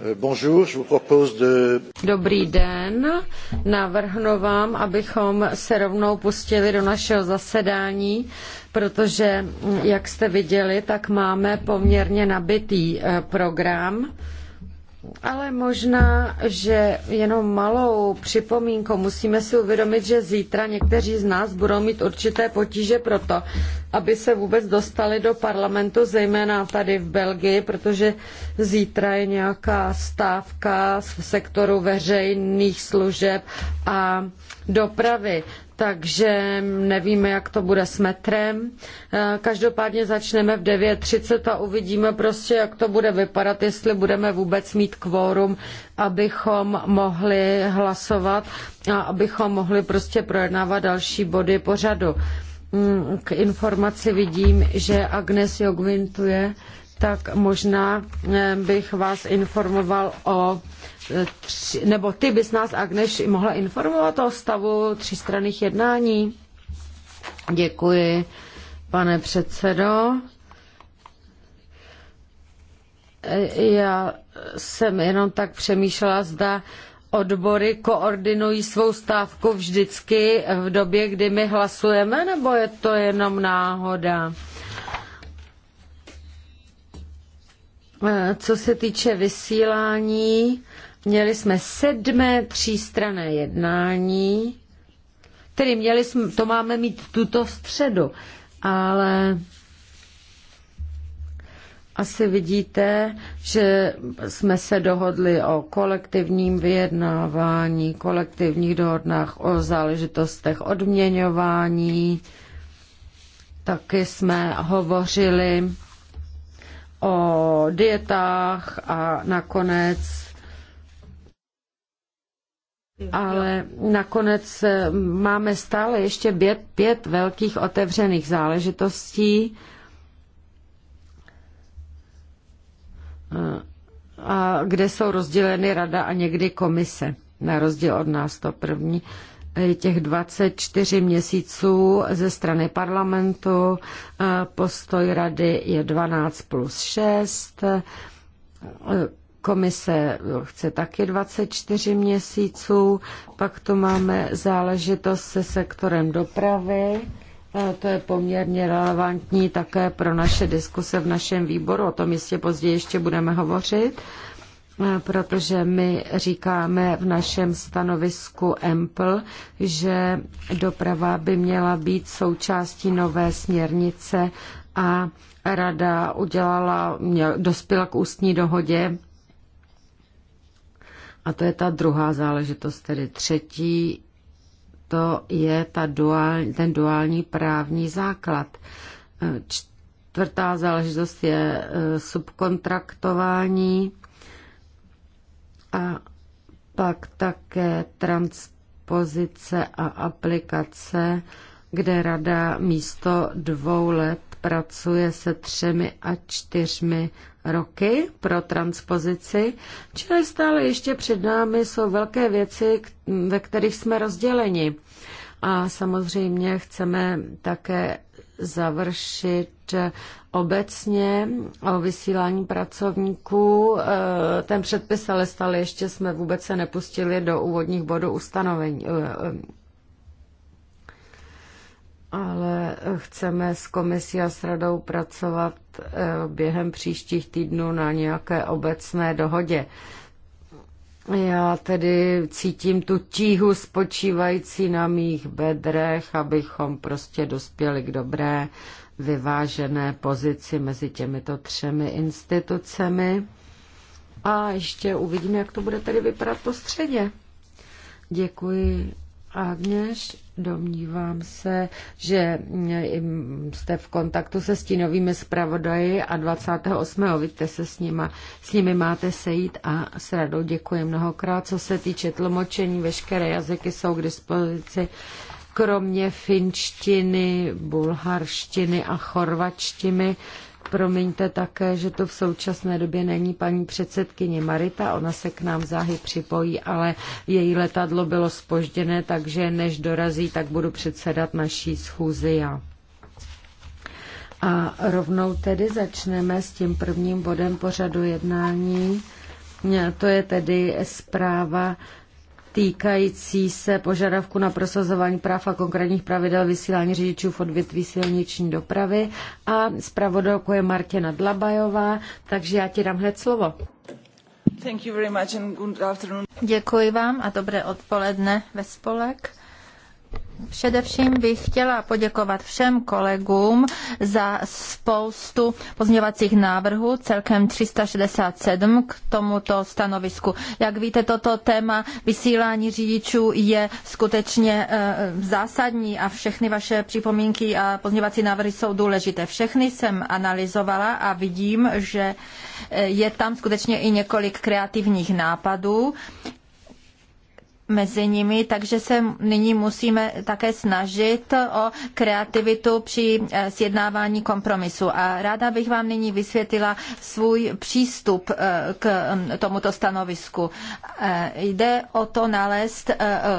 Eh, Dobrý den, navrhnu vám, abychom se rovnou pustili do našeho zasedání, protože, mm, jak jste viděli, tak máme poměrně nabitý eh, program. Ale možná, že jenom malou připomínku musíme si uvědomit, že zítra někteří z nás budou mít určité potíže pro to, aby se vůbec dostali do parlamentu, zejména tady v Belgii, protože zítra je nějaká stávka v sektoru veřejných služeb a dopravy takže nevíme, jak to bude s metrem. Eh, každopádně začneme v 9.30 a uvidíme prostě, jak to bude vypadat, jestli budeme vůbec mít kvórum, abychom mohli hlasovat a abychom mohli prostě projednávat další body pořadu. Mm, k informaci vidím, že Agnes jogvintuje, tak možná eh, bych vás informoval o tři, nebo ty bys nás, Agneš, mohla informovat o stavu třístranných jednání? Děkuji, pane předsedo. Já jsem jenom tak přemýšlela, zda odbory koordinují svou stávku vždycky v době, kdy my hlasujeme, nebo je to jenom náhoda? Eh, co se týče vysílání, Měli jsme sedmé třístrané jednání, tedy měli jsme, to máme mít tuto středu, ale asi vidíte, že jsme se dohodli o kolektivním vyjednávání, kolektivních dohodnách o záležitostech odměňování. Taky jsme hovořili o dietách a nakonec ale nakonec eh, máme stále ještě pět, pět velkých otevřených záležitostí. Eh, a kde jsou rozděleny rada a někdy komise, na rozdíl od nás to první eh, těch 24 měsíců ze strany parlamentu, postoj rady je 12 plus 6, Komise chce taky 24 měsíců, pak tu máme záležitost se sektorem dopravy. E, to je poměrně relevantní také pro naše diskuse v našem výboru. O tom jistě později ještě budeme hovořit, e, protože my říkáme v našem stanovisku EMPL, že doprava by měla být součástí nové směrnice a rada udělala, dospěla k ústní dohodě a to je ta druhá záležitost, tedy třetí, to je ta duál, ten duální právní základ. E, čtvrtá záležitost je e, subkontraktování a pak také transpozice a aplikace, kde rada místo dvou let pracuje se třemi a čtyřmi roky pro transpozici, čili stále ještě před námi jsou velké věci, ve kterých jsme rozděleni. A samozřejmě chceme také završit obecně o vysílání pracovníků eh, ten předpis, ale stále ještě jsme vůbec se nepustili do úvodních bodů ustanovení, eh, ale chceme s komisí a s radou pracovat eh, během příštích týdnů na nějaké obecné dohodě. Já tedy cítím tu tíhu spočívající na mých bedrech, abychom prostě dospěli k dobré vyvážené pozici mezi těmito třemi institucemi. A ještě uvidíme, jak to bude tedy vypadat po středě. Děkuji Agněš Domnívám se, že mm, jste v kontaktu se stínovými zpravodaji a 28. víte se s, nimi, s nimi máte sejít a s radou děkuji mnohokrát. Co se týče tlumočení, veškeré jazyky jsou k dispozici kromě finštiny, bulharštiny a chorvačtiny Promiňte také, že to v současné době není paní předsedkyně Marita, ona se k nám záhy připojí, ale její letadlo bylo spožděné, takže než dorazí, tak budu předsedat naší schůzi já. A rovnou tedy začneme s tím prvním bodem pořadu jednání. To je tedy zpráva týkající se požadavku na prosazování práv a konkrétních pravidel vysílání řidičů v odvětví silniční dopravy a zpravodajkou je Martina Dlabajová, takže já ti dám hned slovo. Děkuji vám a dobré odpoledne ve spolek. Především bych chtěla poděkovat všem kolegům za spoustu pozměňovacích návrhů, celkem 367 k tomuto stanovisku. Jak víte, toto téma vysílání řidičů je skutečně eh, zásadní a všechny vaše připomínky a pozměňovací návrhy jsou důležité. Všechny jsem analyzovala a vidím, že eh, je tam skutečně i několik kreativních nápadů mezi nimi, takže se nyní musíme také snažit o kreativitu při eh, sjednávání kompromisu. A ráda bych vám nyní vysvětlila svůj přístup eh, k mm, tomuto stanovisku. Eh, jde o to nalézt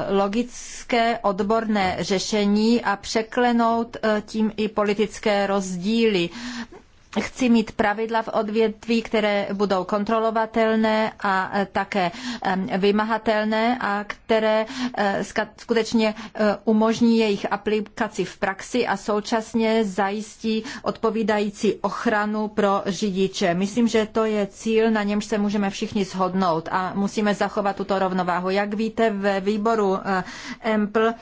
logické odborné řešení a překlenout tím i politické rozdíly Chci mít pravidla v odvětví, které budou kontrolovatelné a e, také e, vymahatelné a které e, skutečně umožní jejich aplikaci v praxi a současně zajistí odpovídající ochranu pro řidiče. Myslím, že to je cíl, na němž se můžeme všichni shodnout a musíme zachovat tuto rovnováhu. Jak víte, ve výboru EMPL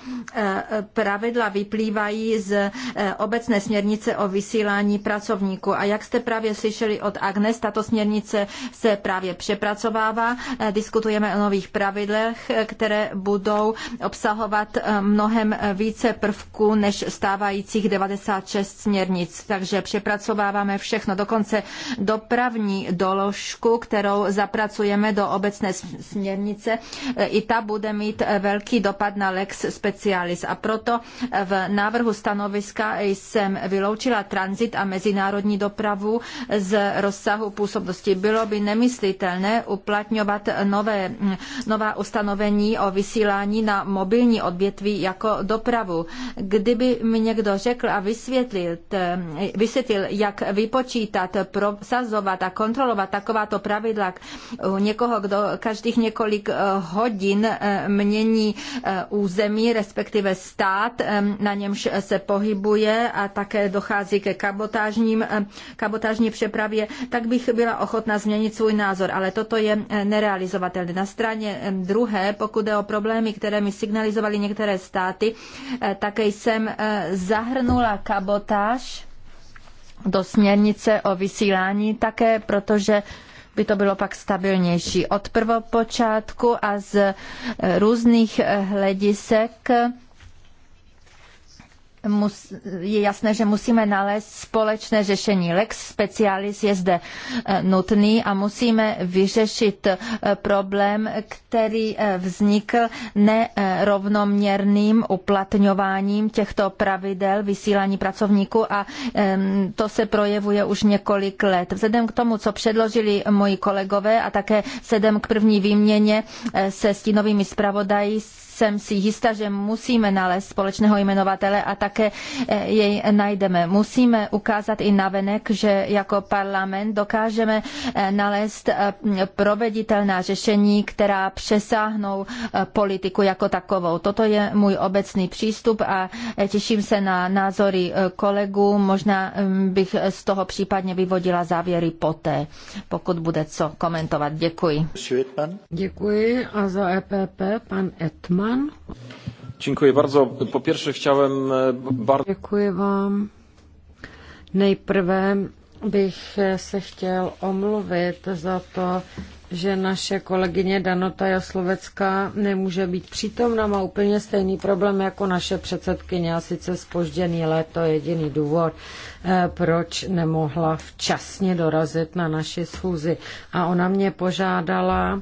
pravidla vyplývají z obecné směrnice o vysílání pracovníků a jak jste právě slyšeli od Agnes, tato směrnice se právě přepracovává. Eh, diskutujeme o nových pravidlech, eh, které budou obsahovat eh, mnohem více prvků než stávajících 96 směrnic. Takže přepracováváme všechno, dokonce dopravní doložku, kterou zapracujeme do obecné směrnice. I ta bude mít velký dopad na lex specialis. A proto v návrhu stanoviska jsem vyloučila tranzit a mezinárodní dopravu z rozsahu působnosti. Bylo by nemyslitelné uplatňovat nové, nová ustanovení o vysílání na mobilní odvětví jako dopravu. Kdyby mi někdo řekl a vysvětlil, vysvětlil jak vypočítat, prosazovat a kontrolovat takováto pravidla u někoho, kdo každých několik eh, hodin eh, mění eh, území, respektive stát, na němž se pohybuje a také dochází ke kabotážním kabotážní přepravě, tak bych byla ochotna změnit svůj názor, ale toto je eh, nerealizovatelné. Na straně eh, druhé, pokud jde o problémy, které mi signalizovaly některé státy, eh, také jsem zahrnula kabotáž do směrnice o vysílání také, protože by to bylo pak stabilnější. Od prvopočátku a z různých hledisek je jasné, že musíme nalézt společné řešení. Lex specialis je zde eh, nutný a musíme vyřešit eh, problém, který eh, vznikl nerovnoměrným uplatňováním těchto pravidel vysílání pracovníků a to se projevuje už několik let. Vzhledem k tomu, co předložili moji kolegové a také vzhledem k první výměně se stínovými zpravodaji, jsem si jista, že musíme nalézt společného jmenovatele a také eh, jej najdeme. Musíme ukázat i navenek, že jako parlament dokážeme eh, nalézt eh, proveditelná řešení, která přesáhnou politiku jako takovou. Toto je můj obecný přístup a těším se na názory kolegů. Možná mm, bych z toho případně vyvodila závěry poté, pokud bude co komentovat. Děkuji. Děkuji a za EPP pan Etma. Bullman. Děkuji bardzo. Po pierwsze chciałem e, bardzo... vám. Nejprve bych e, se chtěl omluvit za to, že naše kolegyně Danota Jaslovecká nemůže být přítomna. Má úplně stejný problém jako naše předsedkyně a sice spožděný léto je jediný důvod, e, proč nemohla včasně dorazit na naši schůzi. A ona mě požádala,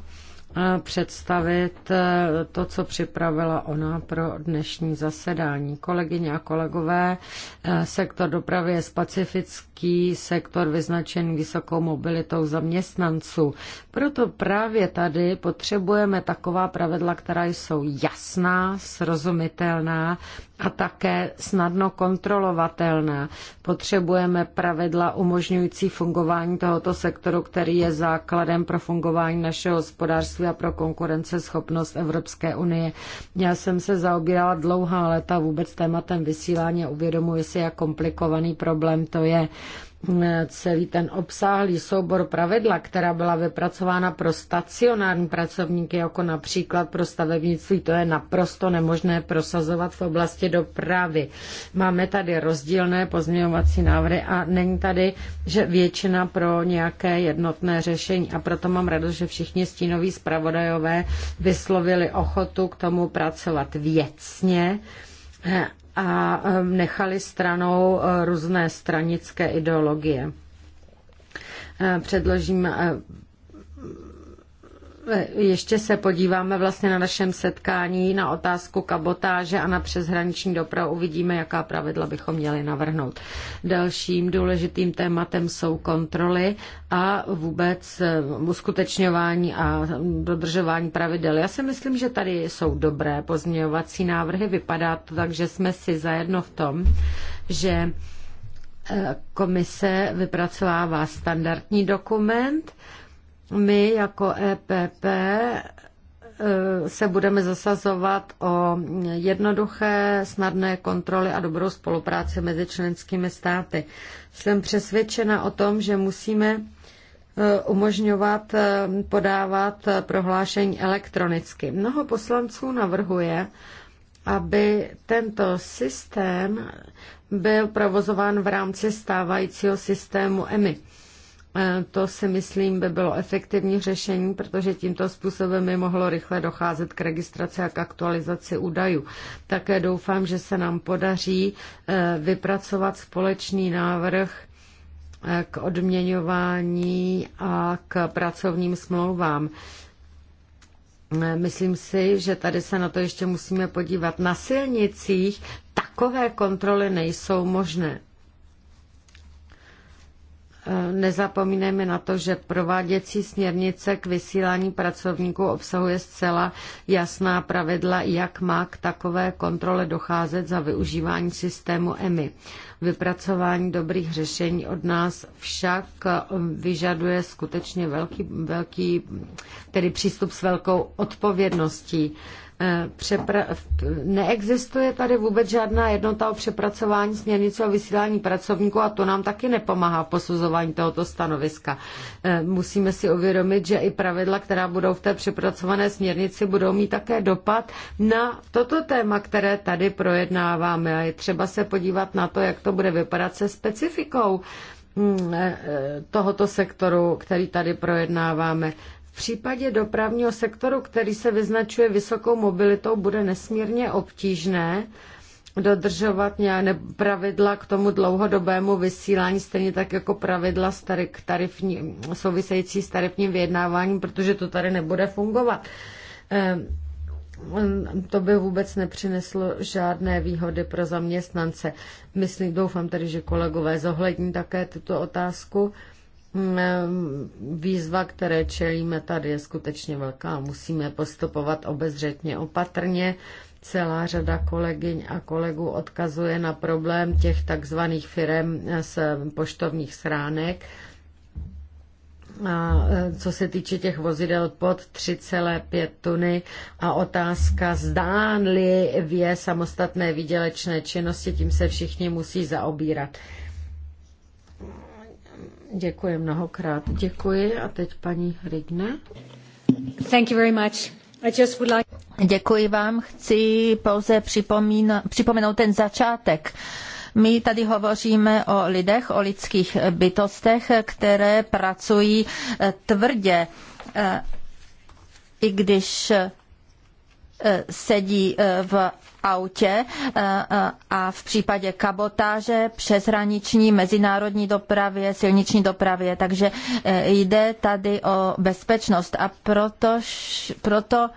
představit eh, to, co připravila ona pro dnešní zasedání. Kolegyně a kolegové, eh, sektor dopravy je specifický sektor vyznačený vysokou mobilitou zaměstnanců. Proto právě tady potřebujeme taková pravidla, která jsou jasná, srozumitelná a také snadno kontrolovatelná. Potřebujeme pravidla umožňující fungování tohoto sektoru, který je základem pro fungování našeho hospodářství průmyslu a pro konkurenceschopnost Evropské unie. Já jsem se zaobírala dlouhá léta vůbec tématem vysílání a uvědomuji si, jak komplikovaný problém to je celý ten obsáhlý soubor pravidla, která byla vypracována pro stacionární pracovníky, jako například pro stavebnictví, to je naprosto nemožné prosazovat v oblasti dopravy. Máme tady rozdílné pozměňovací návrhy a není tady že většina pro nějaké jednotné řešení a proto mám rado, že všichni stínoví zpravodajové vyslovili ochotu k tomu pracovat věcně a nechali stranou e, různé stranické ideologie. E, předložím, e, ještě se podíváme vlastně na našem setkání na otázku kabotáže a na přeshraniční dopravu. Uvidíme, jaká pravidla bychom měli navrhnout. Dalším důležitým tématem jsou kontroly a vůbec eh, uskutečňování a dodržování pravidel. Já si myslím, že tady jsou dobré pozměňovací návrhy. Vypadá to tak, že jsme si zajedno v tom, že eh, komise vypracovává standardní dokument, my jako EPP eh, se budeme zasazovat o jednoduché, snadné kontroly a dobrou spolupráci mezi členskými státy. Jsem přesvědčena o tom, že musíme eh, umožňovat eh, podávat prohlášení elektronicky. Mnoho poslanců navrhuje, aby tento systém byl provozován v rámci stávajícího systému EMI. To si myslím by bylo efektivní řešení, protože tímto způsobem by mohlo rychle docházet k registraci a k aktualizaci údajů. Také doufám, že se nám podaří e, vypracovat společný návrh e, k odměňování a k pracovním smlouvám. E, myslím si, že tady se na to ještě musíme podívat. Na silnicích takové kontroly nejsou možné. Nezapomínejme na to, že prováděcí směrnice k vysílání pracovníků obsahuje zcela jasná pravidla, jak má k takové kontrole docházet za využívání systému EMI. Vypracování dobrých řešení od nás však um, vyžaduje skutečně velký, velký tedy přístup s velkou odpovědností neexistuje tady vůbec žádná jednota o přepracování směrnice o vysílání pracovníků a to nám taky nepomáhá v posuzování tohoto stanoviska. Eh, musíme si uvědomit, že i pravidla, která budou v té přepracované směrnici, budou mít také dopad na toto téma, které tady projednáváme. A je třeba se podívat na to, jak to bude vypadat se specifikou mm, eh, eh, tohoto sektoru, který tady projednáváme. V případě dopravního sektoru, který se vyznačuje vysokou mobilitou, bude nesmírně obtížné dodržovat nějaké pravidla k tomu dlouhodobému vysílání, stejně tak jako pravidla s tarifní, související s tarifním vyjednáváním, protože to tady nebude fungovat. Ehm, to by vůbec nepřineslo žádné výhody pro zaměstnance. Myslím, doufám tedy, že kolegové zohlední také tuto otázku. Mm, výzva, které čelíme tady, je skutečně velká. Musíme postupovat obezřetně, opatrně. Celá řada kolegyň a kolegů odkazuje na problém těch takzvaných firem z poštovních schránek. A e, co se týče těch vozidel pod 3,5 tuny a otázka zdánlivě samostatné výdělečné činnosti, tím se všichni musí zaobírat. Děkuji mnohokrát. Děkuji a teď paní Rigne. Thank you very much. I just would Like... Děkuji vám. Chci pouze připomínat, připomenout ten začátek. My tady hovoříme o lidech, o lidských bytostech, které pracují eh, tvrdě, eh, i když Eh, sedí eh, v autě eh, a v případě kabotáže přeshraniční mezinárodní dopravě, silniční dopravě. Takže jde tady o bezpečnost a proto, proto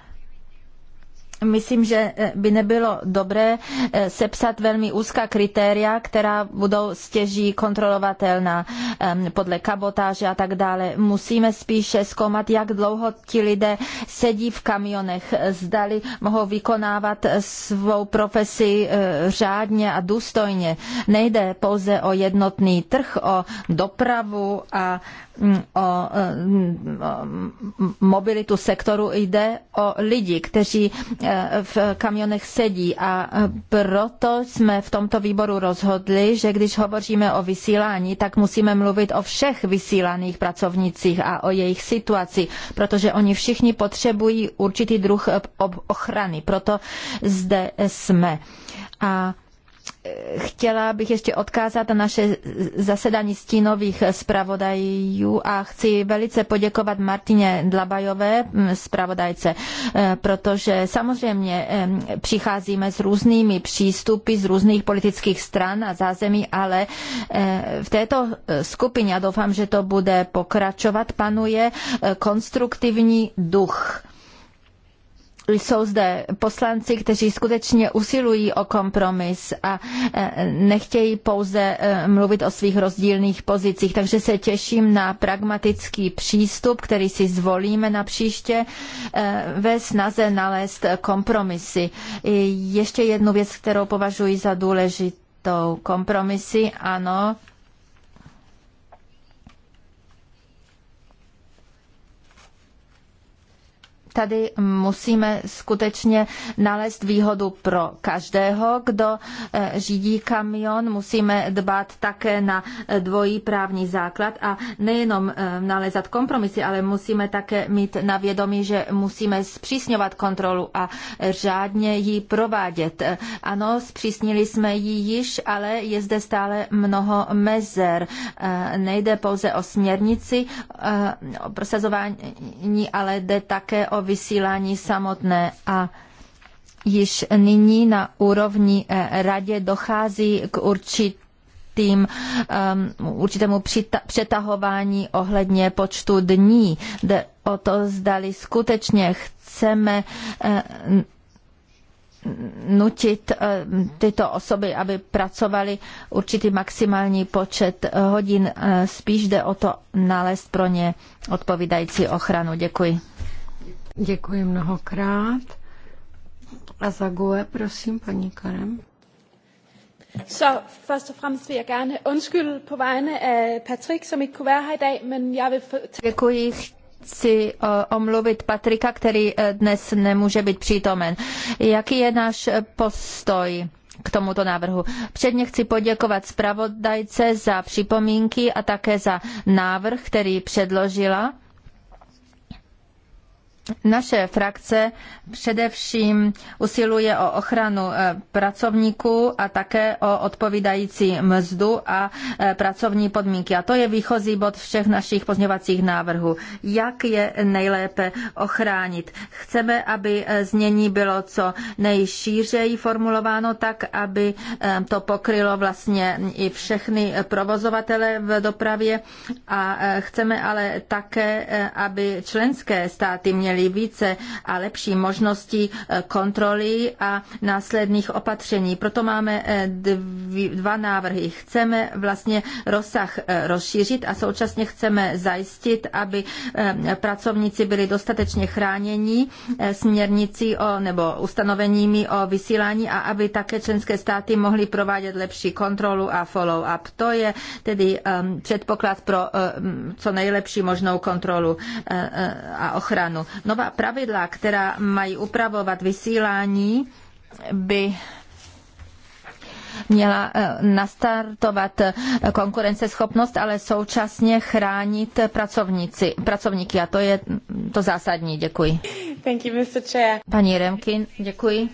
Myslím, že eh, by nebylo dobré eh, sepsat velmi úzká kritéria, která budou stěží kontrolovatelná ehm, podle kabotáže a tak dále. Musíme spíše zkoumat, jak dlouho ti lidé sedí v kamionech, zdali mohou vykonávat eh, svou profesi řádně a důstojně. Nejde pouze o jednotný trh, o dopravu a mm, o mm, mm, mobilitu sektoru, jde o lidi, kteří Eh, v kamionech sedí a eh, proto jsme v tomto výboru rozhodli, že když hovoříme o vysílání, tak musíme mluvit o všech vysílaných pracovnicích a o jejich situaci, protože oni všichni potřebují určitý druh eh, ochrany. Proto zde jsme. A chtěla bych ještě odkázat na naše zasedání stínových zpravodajů a chci velice poděkovat Martině Dlabajové, mm, zpravodajce, eh, protože samozřejmě eh, přicházíme s různými přístupy z různých politických stran a zázemí, ale eh, v této skupině, a doufám, že to bude pokračovat, panuje konstruktivní duch jsou zde poslanci, kteří skutečně usilují o kompromis a e, nechtějí pouze e, mluvit o svých rozdílných pozicích. Takže se těším na pragmatický přístup, který si zvolíme na příště e, ve snaze nalézt kompromisy. Ještě jednu věc, kterou považuji za důležitou. Kompromisy, ano, Tady musíme skutečně nalézt výhodu pro každého, kdo eh, řídí kamion. Musíme dbát také na dvojí právní základ a nejenom eh, nalézat kompromisy, ale musíme také mít na vědomí, že musíme zpřísňovat kontrolu a řádně ji provádět. Eh, ano, zpřísnili jsme ji již, ale je zde stále mnoho mezer. Nejde pouze o směrnici o prosazování, ale jde také o vysílání samotné a již nyní na úrovni eh, radě dochází k určitým, um, určitému přita- přetahování ohledně počtu dní. Jde o to, zdali skutečně chceme uh, nutit eh, tyto osoby, aby pracovali určitý maximální počet hodin. Spíš jde o to nalézt pro ně odpovídající ochranu. Děkuji. Děkuji mnohokrát. A za Goe, prosím, paní Karem. Så først og fremmest vil jeg gerne undskylde på vegne af Patrick, som ikke kunne være her i dag, men jeg vil... Děkuji, chci eh, omluvit Patrika, který eh, dnes nemůže být přítomen. Jaký je náš postoj? k tomuto návrhu. Předně chci poděkovat zpravodajce za připomínky a také za návrh, který předložila naše frakce především usiluje o ochranu eh, pracovníků a také o odpovídající mzdu a eh, pracovní podmínky. A to je výchozí bod všech našich pozměvacích návrhů. Jak je nejlépe ochránit? Chceme, aby eh, znění bylo co nejšířeji formulováno tak, aby to pokrylo vlastně i všechny provozovatele v dopravě a chceme ale také, aby členské státy měly měli více a lepší možnosti eh, kontroly a následných opatření. Proto máme eh, dva návrhy. Chceme vlastně rozsah eh, rozšířit a současně chceme zajistit, aby pracovníci byli dostatečně chráněni směrnicí o, nebo ustanoveními o vysílání a aby také členské státy mohly provádět lepší kontrolu a follow-up. To je tedy ehm, předpoklad pro ehm, co nejlepší možnou kontrolu a ochranu. Nová pravidla, která mají upravovat vysílání, by měla eh, nastartovat eh, konkurenceschopnost, ale současně chránit pracovníci, pracovníky. A to je to zásadní. Děkuji. Thank you, Mr. Chair. Paní Remkin, děkuji.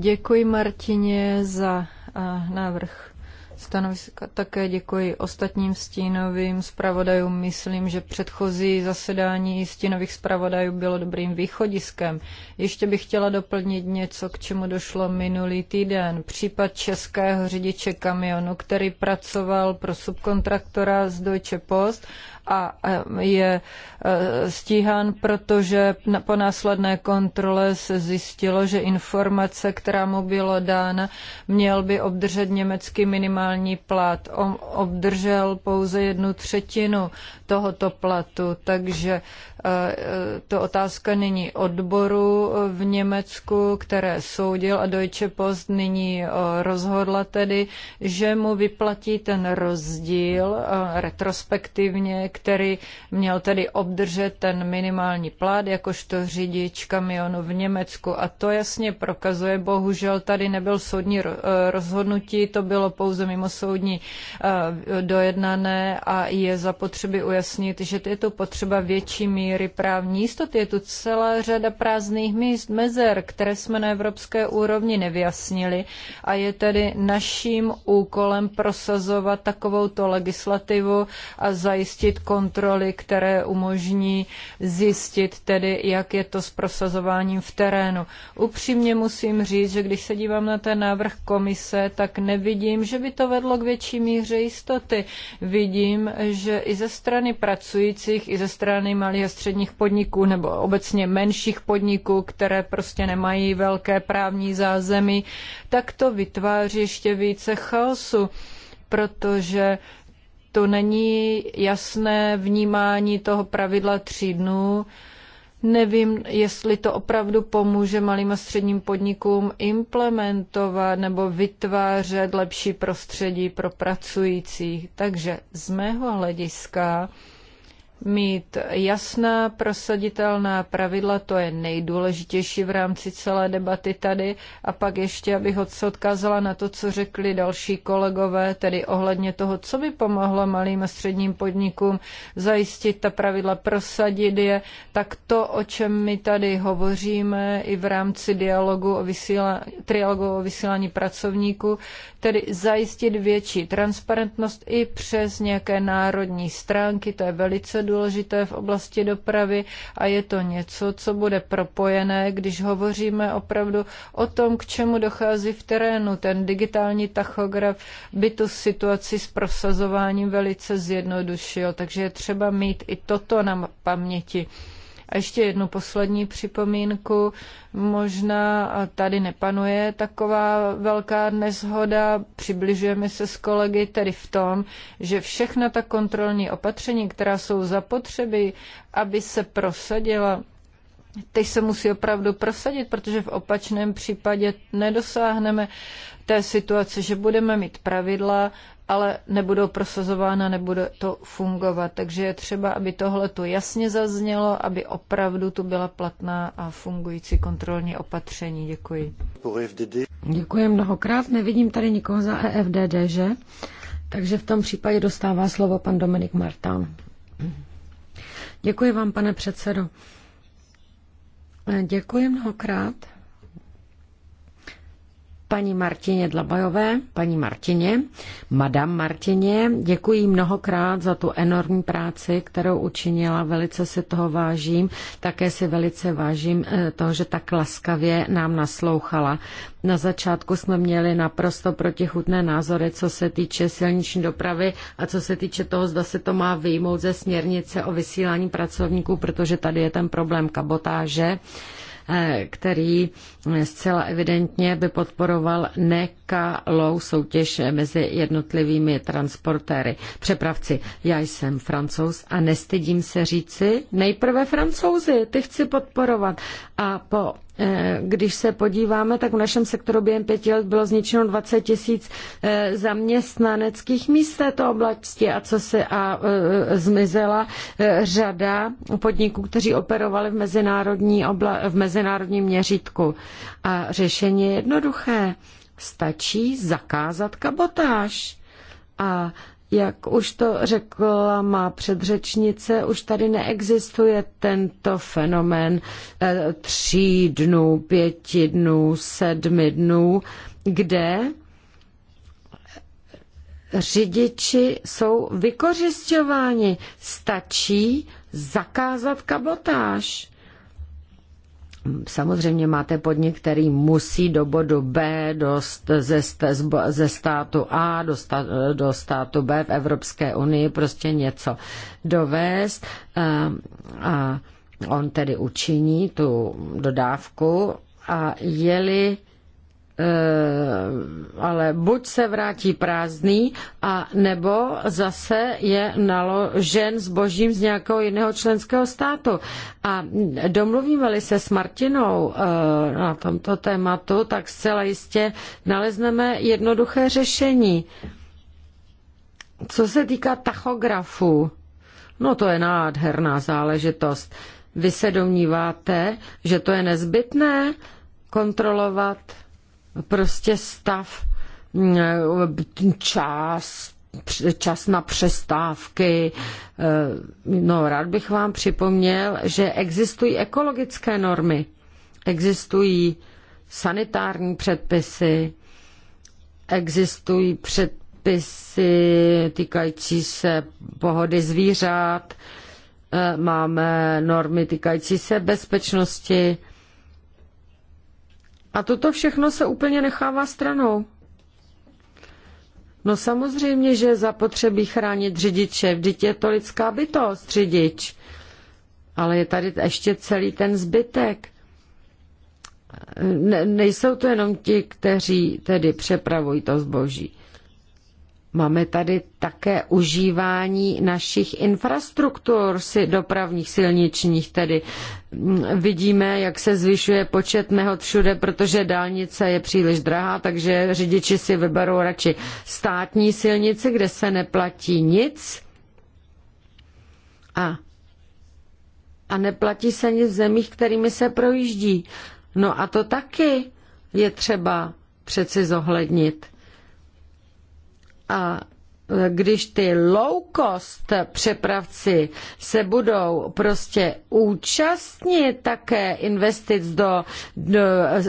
Děkuji Martině za eh, návrh stanoviska. Také děkuji ostatním stínovým zpravodajům. Myslím, že předchozí zasedání stínových zpravodajů bylo dobrým východiskem. Ještě bych chtěla doplnit něco, k čemu došlo minulý týden. Případ českého řidiče kamionu, který pracoval pro subkontraktora z Deutsche Post a eh, je eh, stíhán, protože po následné kontrole se zjistilo, že informace, která mu byla dána, měl by obdržet německý minimální plat. On obdržel pouze jednu třetinu tohoto platu, takže Eh, eh, to otázka nyní odboru eh, v Německu, které soudil a Deutsche Post nyní rozhodla tedy, že mu vyplatí ten rozdíl retrospektivně, který měl tedy obdržet ten minimální plát, jakožto řidič kamionu v Německu. A to jasně prokazuje, bohužel tady nebyl soudní rozhodnutí, to bylo pouze mimo soudní dojednané a je zapotřebí ujasnit, že je to potřeba větší míry míry právní jistoty. Je tu celá řada prázdných míst, mezer, které jsme na evropské úrovni nevyjasnili a je tedy naším úkolem prosazovat takovouto legislativu a zajistit kontroly, které umožní zjistit tedy, jak je to s prosazováním v terénu. Upřímně musím říct, že když se dívám na ten návrh komise, tak nevidím, že by to vedlo k větší míře jistoty. Vidím, že i ze strany pracujících, i ze strany malých a středních podniků nebo obecně menších podniků, které prostě nemají velké právní zázemí, tak to vytváří ještě více chaosu, protože to není jasné vnímání toho pravidla tří dnů, Nevím, jestli to opravdu pomůže malým a středním podnikům implementovat nebo vytvářet lepší prostředí pro pracující. Takže z mého hlediska mít jasná prosaditelná pravidla, to je nejdůležitější v rámci celé debaty tady. A pak ještě, abych se odkázala na to, co řekli další kolegové, tedy ohledně toho, co by pomohlo malým a středním podnikům zajistit ta pravidla, prosadit je, tak to, o čem my tady hovoříme i v rámci dialogu o vysílání, trialogu o vysílání pracovníků, tedy zajistit větší transparentnost i přes nějaké národní stránky, to je velice důležité důležité v oblasti dopravy a je to něco, co bude propojené, když hovoříme opravdu o tom, k čemu dochází v terénu. Ten digitální tachograf by tu situaci s prosazováním velice zjednodušil, takže je třeba mít i toto na paměti. A ještě jednu poslední připomínku. Možná tady nepanuje taková velká nezhoda, přibližujeme se s kolegy tedy v tom, že všechna ta kontrolní opatření, která jsou zapotřebí, aby se prosadila ty se musí opravdu prosadit, protože v opačném případě nedosáhneme té situace, že budeme mít pravidla, ale nebudou prosazována, nebude to fungovat. Takže je třeba, aby tohle tu jasně zaznělo, aby opravdu tu byla platná a fungující kontrolní opatření. Děkuji. Děkuji mnohokrát. Nevidím tady nikoho za EFDD, že? Takže v tom případě dostává slovo pan Dominik Martán. Děkuji vám, pane předsedo. Děkuji mnohokrát paní Martině Dlabajové, paní Martině, madam Martině, děkuji mnohokrát za tu enormní práci, kterou učinila, velice si toho vážím, také si velice vážím eh, toho, že tak laskavě nám naslouchala. Na začátku jsme měli naprosto protichutné názory, co se týče silniční dopravy a co se týče toho, zda se to má vyjmout ze směrnice o vysílání pracovníků, protože tady je ten problém kabotáže. Eh, který zcela evidentně by podporoval nekalou soutěž mezi jednotlivými transportéry. Přepravci, já jsem francouz a nestydím se říci, nejprve francouzi, ty chci podporovat. A po Eh, když se podíváme, tak v našem sektoru během pěti let bylo zničeno 20 tisíc eh, zaměstnaneckých míst této oblasti a co se a eh, zmizela řada podniků, kteří operovali v, mezinárodní obla, v mezinárodním měřítku. A řešení je jednoduché. Stačí zakázat kabotáž. A jak už to řekla má předřečnice, už tady neexistuje tento fenomén eh, tří dnů, pěti dnů, sedmi dnů, kde řidiči jsou vykořišťováni. Stačí zakázat kabotáž. Samozřejmě máte podnik, který musí do bodu B dost ze, ze státu A do, sta, do státu B v Evropské unii prostě něco dovést a, ehm, a on tedy učiní tu dodávku a jeli Eh, ale buď se vrátí prázdný, a nebo zase je naložen zbožím z nějakého jiného členského státu. A domluvíme-li se s Martinou eh, na tomto tématu, tak zcela jistě nalezneme jednoduché řešení. Co se týká tachografů, no to je nádherná záležitost. Vy se domníváte, že to je nezbytné kontrolovat prostě stav mm, čas, čas na přestávky. Eh, no, rád bych vám připomněl, že existují ekologické normy, existují sanitární předpisy, existují předpisy týkající se pohody zvířat, eh, máme normy týkající se bezpečnosti, a toto všechno se úplně nechává stranou. No samozřejmě, že je zapotřebí chránit řidiče, vždyť je to lidská bytost, řidič. Ale je tady ještě celý ten zbytek. Ne, nejsou to jenom ti, kteří tedy přepravují to zboží. Máme tady také užívání našich infrastruktur, si dopravních silničních, tedy vidíme, jak se zvyšuje počet nehod všude, protože dálnice je příliš drahá, takže řidiči si vyberou radši státní silnici, kde se neplatí nic a, a neplatí se nic v zemích, kterými se projíždí. No a to taky je třeba přeci zohlednit a když ty low cost přepravci se budou prostě účastnit také investic do, do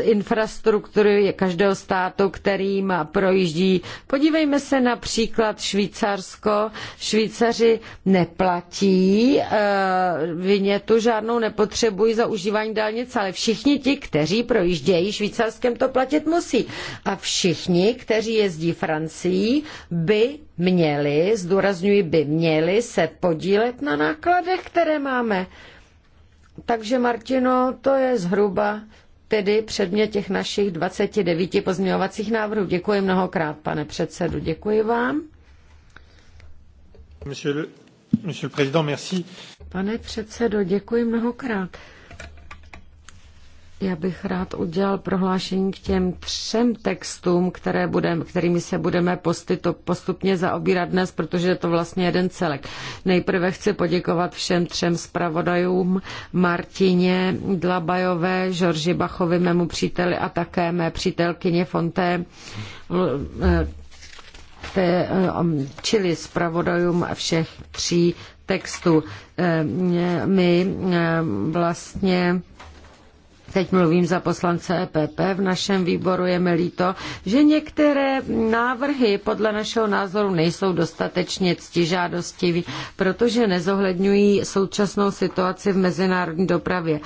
infrastruktury každého státu, kterým projíždí. Podívejme se například Švýcarsko. Švýcaři neplatí e, vynětu žádnou, nepotřebují za užívání dálnic, ale všichni ti, kteří projíždějí Švýcarskem, to platit musí. A všichni, kteří jezdí Francií, by měli, zdůrazňuji by měli se podílet na nákladech, které máme. Takže Martino, to je zhruba tedy předmět těch našich 29 pozměňovacích návrhů. Děkuji mnohokrát, pane předsedu. Děkuji vám. Monsieur monsieur le président, merci. Pane předsedo, děkuji mnohokrát. Já bych rád udělal prohlášení k těm třem textům, které budem, kterými se budeme postupně zaobírat dnes, protože je to vlastně jeden celek. Nejprve chci poděkovat všem třem zpravodajům, Martině Dlabajové, Žorži Bachovi, mému příteli a také mé přítelkyně Fonté, eh, te, eh, čili zpravodajům všech tří textů. Eh, My vlastně teď mluvím za poslance EPP, v našem výboru je mi líto, že některé návrhy podle našeho názoru nejsou dostatečně ctižádostiví, protože nezohledňují současnou situaci v mezinárodní dopravě.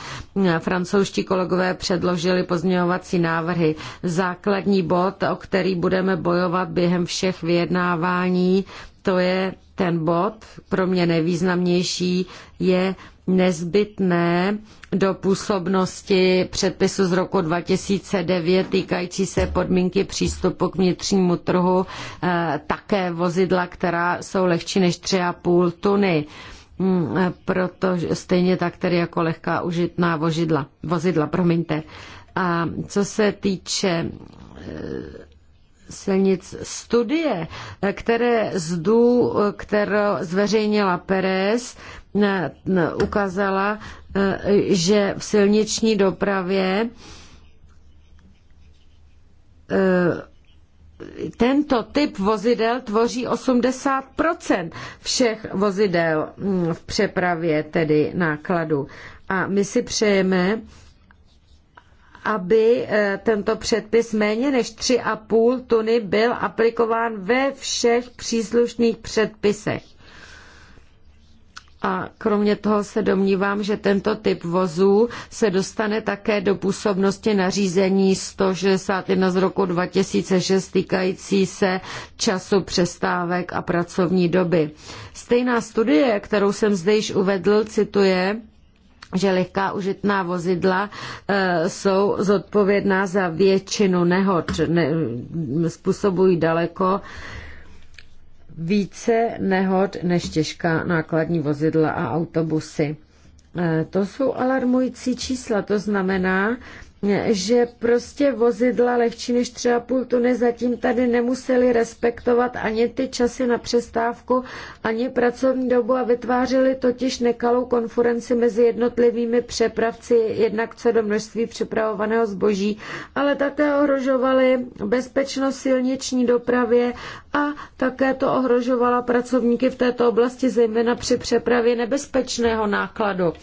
Francouzští kolegové předložili pozměňovací návrhy. Základní bod, o který budeme bojovat během všech vyjednávání, to je ten bod, pro mě nejvýznamnější, je nezbytné do působnosti předpisu z roku 2009 týkající se podmínky přístupu k vnitřnímu trhu eh, také vozidla, která jsou lehčí než 3,5 tuny. Hmm, proto stejně tak tedy jako lehká užitná vozidla, vozidla promiňte. A co se týče eh, silnic studie, které, zdu, kterou zveřejnila Perez, ukázala, eh, že v silniční dopravě eh, tento typ vozidel tvoří 80 všech vozidel hm, v přepravě, tedy nákladu. A my si přejeme, aby eh, tento předpis méně než 3,5 tuny byl aplikován ve všech příslušných předpisech. A kromě toho se domnívám, že tento typ vozů se dostane také do působnosti nařízení 161 z roku 2006 týkající se času přestávek a pracovní doby. Stejná studie, kterou jsem zde již uvedl, cituje že lehká užitná vozidla e, jsou zodpovědná za většinu nehod, ne, způsobují daleko více nehod než těžká nákladní vozidla a autobusy. E, to jsou alarmující čísla, to znamená, že prostě vozidla lehčí než půl tuny zatím tady nemuseli respektovat ani ty časy na přestávku, ani pracovní dobu a vytvářeli totiž nekalou konferenci mezi jednotlivými přepravci, jednak co do množství přepravovaného zboží, ale také ohrožovali bezpečnost silniční dopravě a také to ohrožovala pracovníky v této oblasti, zejména při přepravě nebezpečného nákladu.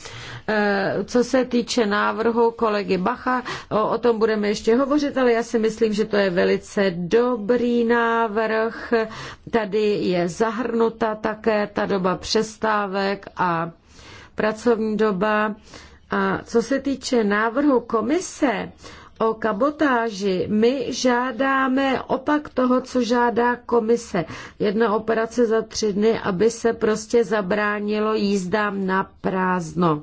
Eh, co se týče návrhu kolegy Bacha, O, o tom budeme ještě hovořit, ale já si myslím, že to je velice dobrý návrh. Tady je zahrnuta také ta doba přestávek a pracovní doba. A co se týče návrhu komise, o kabotáži my žádáme opak toho, co žádá komise. Jedna operace za tři dny, aby se prostě zabránilo jízdám na prázdno.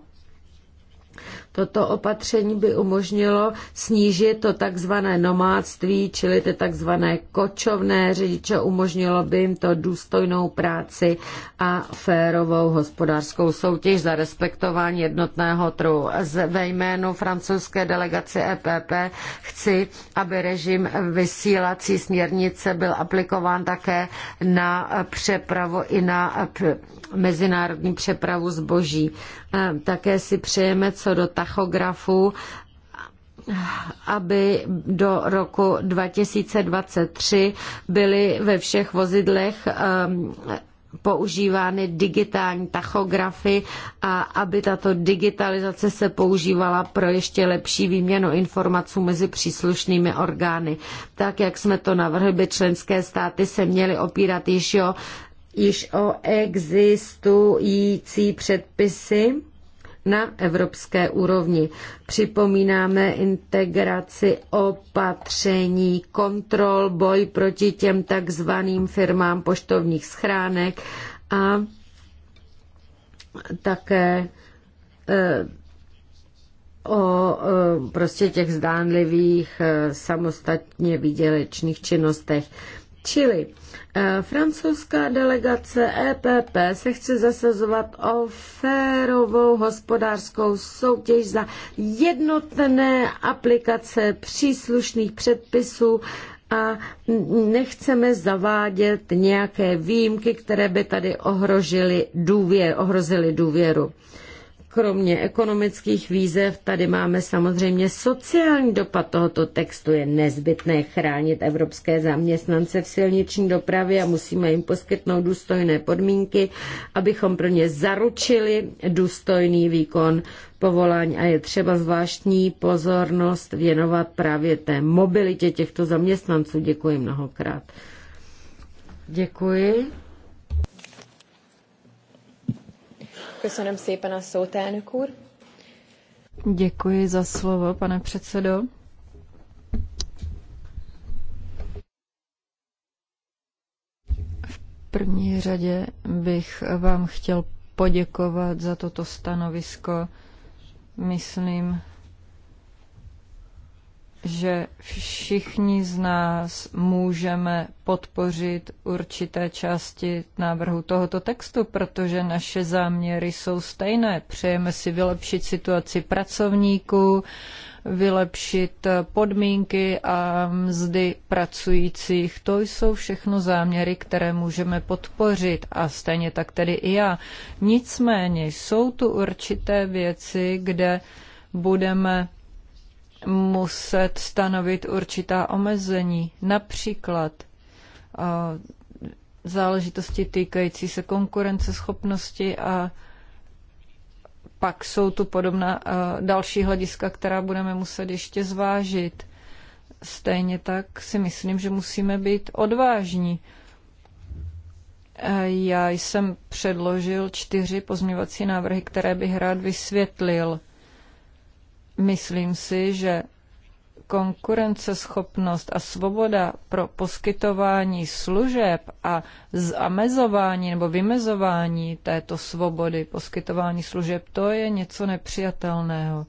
Toto opatření by umožnilo snížit to takzvané nomádství, čili ty takzvané kočovné řidiče, umožnilo by jim to důstojnou práci a férovou hospodářskou soutěž za respektování jednotného trhu. Ve jménu francouzské delegace EPP chci, aby režim vysílací směrnice byl aplikován také na přepravu i na mezinárodní přepravu zboží. Také si přejeme co do tachografu, aby do roku 2023 byly ve všech vozidlech ehm, používány digitální tachografy a aby tato digitalizace se používala pro ještě lepší výměnu informací mezi příslušnými orgány. Tak, jak jsme to navrhli, by členské státy se měly opírat již o již o existující předpisy na evropské úrovni. Připomínáme integraci opatření, kontrol, boj proti těm takzvaným firmám poštovních schránek a také e, o e, prostě těch zdánlivých e, samostatně výdělečných činnostech. Čili eh, francouzská delegace EPP se chce zasazovat o férovou hospodářskou soutěž za jednotné aplikace příslušných předpisů a nechceme zavádět nějaké výjimky, které by tady ohrožily důvěr, ohrozily důvěru. Kromě ekonomických výzev tady máme samozřejmě sociální dopad tohoto textu. Je nezbytné chránit evropské zaměstnance v silniční dopravě a musíme jim poskytnout důstojné podmínky, abychom pro ně zaručili důstojný výkon povolání a je třeba zvláštní pozornost věnovat právě té mobilitě těchto zaměstnanců. Děkuji mnohokrát. Děkuji. Köszönöm szépen a szót, elnök úr. Děkuji za slovo, pane předsedo. V první řadě bych vám chtěl poděkovat za toto stanovisko. Myslím, že všichni z nás můžeme podpořit určité části návrhu tohoto textu, protože naše záměry jsou stejné. Přejeme si vylepšit situaci pracovníků, vylepšit podmínky a mzdy pracujících. To jsou všechno záměry, které můžeme podpořit a stejně tak tedy i já. Nicméně jsou tu určité věci, kde budeme muset stanovit určitá omezení, například záležitosti týkající se konkurenceschopnosti a pak jsou tu podobná další hlediska, která budeme muset ještě zvážit. Stejně tak si myslím, že musíme být odvážní. Já jsem předložil čtyři pozměňovací návrhy, které bych rád vysvětlil. Myslím si, že konkurenceschopnost a svoboda pro poskytování služeb a zamezování nebo vymezování této svobody poskytování služeb, to je něco nepřijatelného.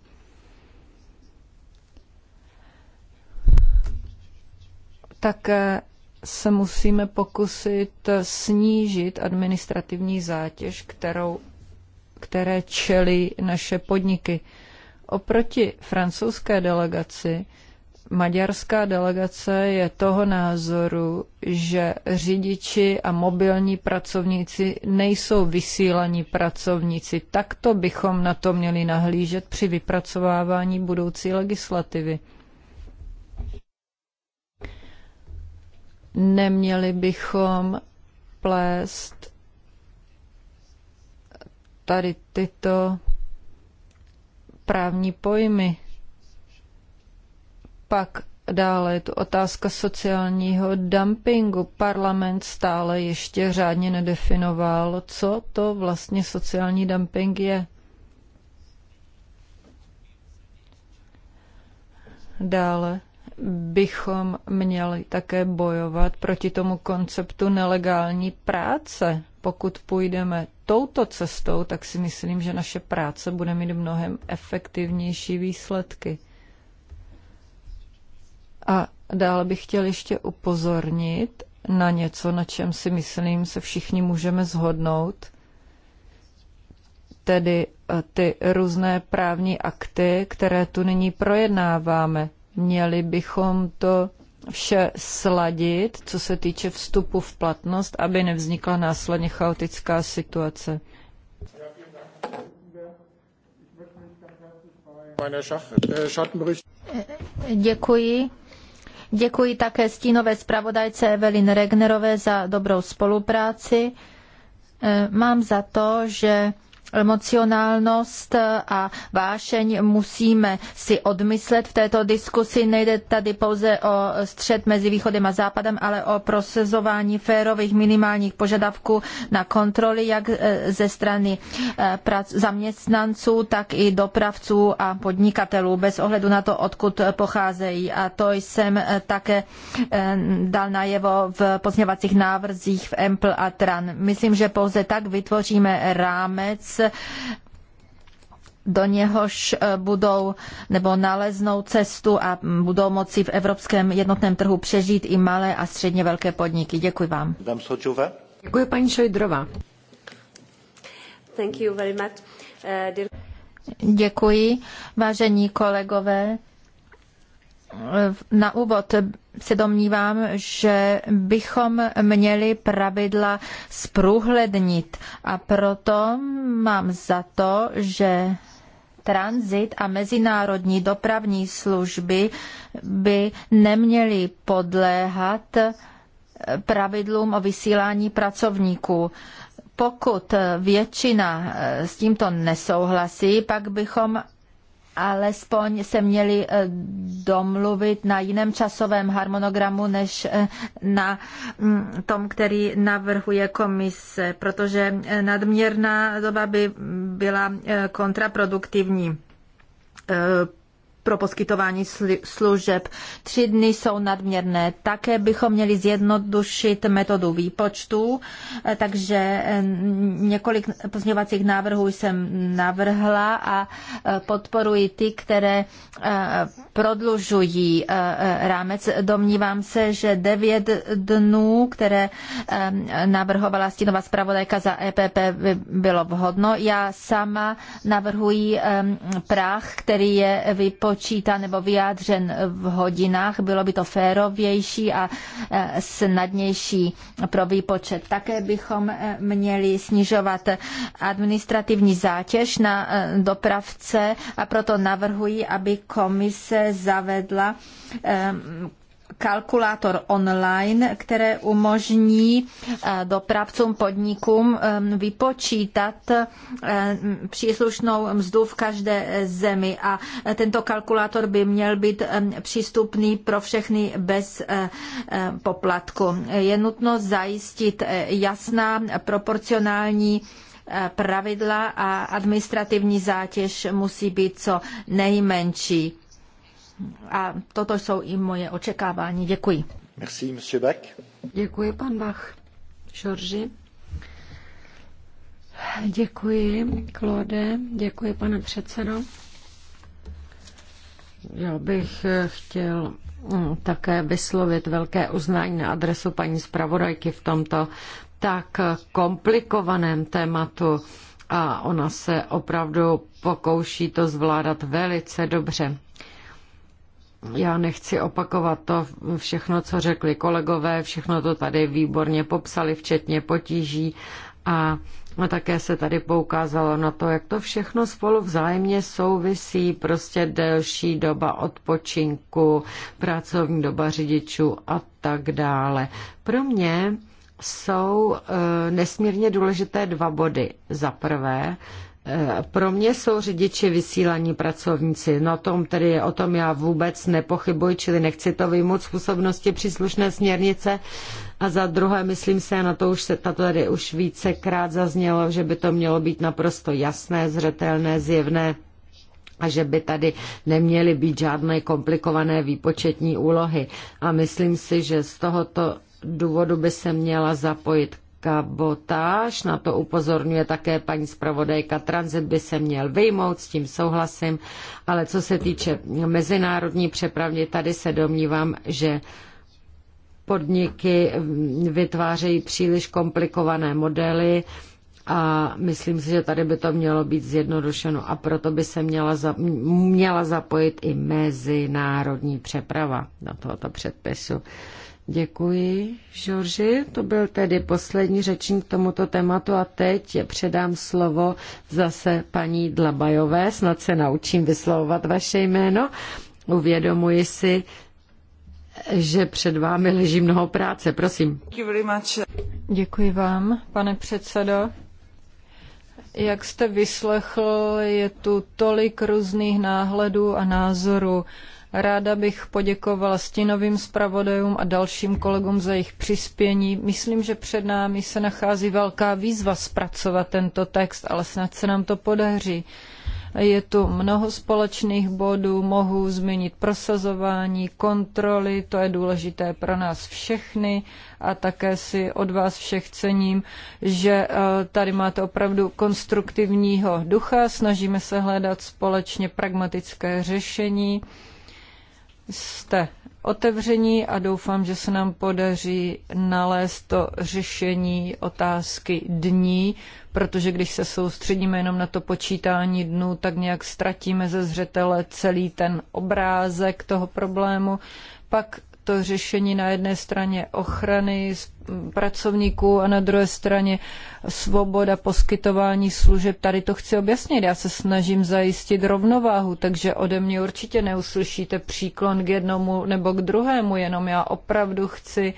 Také se musíme pokusit snížit administrativní zátěž, kterou, které čelí naše podniky. Oproti francouzské delegaci, maďarská delegace je toho názoru, že řidiči a mobilní pracovníci nejsou vysílaní pracovníci. Takto bychom na to měli nahlížet při vypracovávání budoucí legislativy. Neměli bychom plést tady tyto právní pojmy. Pak dále je tu otázka sociálního dumpingu. Parlament stále ještě řádně nedefinoval, co to vlastně sociální dumping je. Dále bychom měli také bojovat proti tomu konceptu nelegální práce, pokud půjdeme touto cestou, tak si myslím, že naše práce bude mít mnohem efektivnější výsledky. A dále bych chtěl ještě upozornit na něco, na čem si myslím, se všichni můžeme zhodnout, tedy eh, ty různé právní akty, které tu nyní projednáváme. Měli bychom to vše sladit, co se týče vstupu v platnost, aby nevznikla následně chaotická situace. Děkuji. Děkuji také stínové zpravodajce Evelyn Regnerové za dobrou spolupráci. Mám za to, že emocionálnost a vášeň musíme si odmyslet v této diskusi. Nejde tady pouze o střed mezi východem a západem, ale o prosazování férových minimálních požadavků na kontroly jak e, ze strany e, zaměstnanců, tak i dopravců a podnikatelů bez ohledu na to, odkud pocházejí. A to jsem e, také dal najevo v pozměvacích návrzích v EMPL a TRAN. Myslím, že pouze tak vytvoříme rámec, do něhož eh, budou nebo naleznou cestu a budou moci v evropském jednotném trhu přežít i malé a středně velké podniky. Děkuji vám. Děkuji paní Šojdrova. Thank you very much. Eh, Děkuji, vážení kolegové na úvod se domnívám, že bychom měli pravidla zprůhlednit a proto mám za to, že tranzit a mezinárodní dopravní služby by neměly podléhat pravidlům o vysílání pracovníků. Pokud většina s tímto nesouhlasí, pak bychom alespoň se měli eh, domluvit na jiném časovém harmonogramu než eh, na mm, tom, který navrhuje komise, protože eh, nadměrná doba by mm, byla kontraproduktivní pro poskytování služeb. Tři dny jsou nadměrné. Také bychom měli zjednodušit metodu výpočtu, eh, takže eh, několik pozměňovacích návrhů jsem navrhla a eh, podporuji ty, které prodlužují rámec. Domnívám se, že devět dnů, které navrhovala stínová zpravodajka za EPP, by bylo vhodno. Já sama navrhuji práh, který je vypočtu propočítán nebo vyjádřen v hodinách. Bylo by to férovější a e, snadnější pro výpočet. Také bychom e, měli snižovat administrativní zátěž na e, dopravce a proto navrhuji, aby komise zavedla kalkulátor online, které umožní eh, dopravcům podnikům ehm, vypočítat ehm, příslušnou mzdu v každé zemi a eh, tento kalkulátor by měl být ehm, přístupný pro všechny bez eh, poplatku. Je nutno zajistit jasná proporcionální pravidla a administrativní zátěž musí být co nejmenší. A toto jsou i moje očekávání. Děkuji. Merci, monsieur Děkuji, pan Bach. Žorži. Děkuji, Klode. Děkuji, pane předsedo. Já bych chtěl mm, také vyslovit velké uznání na adresu paní zpravodajky v tomto tak komplikovaném tématu a ona se opravdu pokouší to zvládat velice dobře. Já nechci opakovat to všechno, co řekli kolegové, všechno to tady výborně popsali, včetně potíží a a také se tady poukázalo na to, jak to všechno spolu vzájemně souvisí, prostě delší doba odpočinku, pracovní doba řidičů a tak dále. Pro mě jsou e, nesmírně důležité dva body. Za prvé, pro mě jsou řidiči vysílaní pracovníci, no tom tedy o tom já vůbec nepochybuji, čili nechci to vyjmout z působnosti příslušné směrnice. A za druhé, myslím se, na to už se tato tady už vícekrát zaznělo, že by to mělo být naprosto jasné, zřetelné, zjevné a že by tady neměly být žádné komplikované výpočetní úlohy. A myslím si, že z tohoto důvodu by se měla zapojit kabotáž, na to upozorňuje také paní zpravodajka, tranzit by se měl vyjmout, s tím souhlasím, ale co se týče mezinárodní přepravy, tady se domnívám, že podniky vytvářejí příliš komplikované modely, a myslím si, že tady by to mělo být zjednodušeno a proto by se měla, za, měla zapojit i mezinárodní přeprava do tohoto předpisu. Děkuji, Žorži. To byl tedy poslední řečník k tomuto tématu a teď předám slovo zase paní Dlabajové. Snad se naučím vyslovovat vaše jméno. Uvědomuji si, že před vámi leží mnoho práce. Prosím. Děkuji vám, pane předsedo. Jak jste vyslechl, je tu tolik různých náhledů a názorů. Ráda bych poděkovala stínovým zpravodajům a dalším kolegům za jejich přispění. Myslím, že před námi se nachází velká výzva zpracovat tento text, ale snad se nám to podaří. Je tu mnoho společných bodů, mohu zmínit prosazování, kontroly, to je důležité pro nás všechny a také si od vás všech cením, že eh, tady máte opravdu konstruktivního ducha, snažíme se hledat společně pragmatické řešení jste otevření a doufám, že se nám podaří nalézt to řešení otázky dní, protože když se soustředíme jenom na to počítání dnů, tak nějak ztratíme ze zřetele celý ten obrázek toho problému. Pak to řešení na jedné straně ochrany pracovníků a na druhé straně svoboda poskytování služeb. Tady to chci objasnit. Já se snažím zajistit rovnováhu, takže ode mě určitě neuslyšíte příklon k jednomu nebo k druhému, jenom já opravdu chci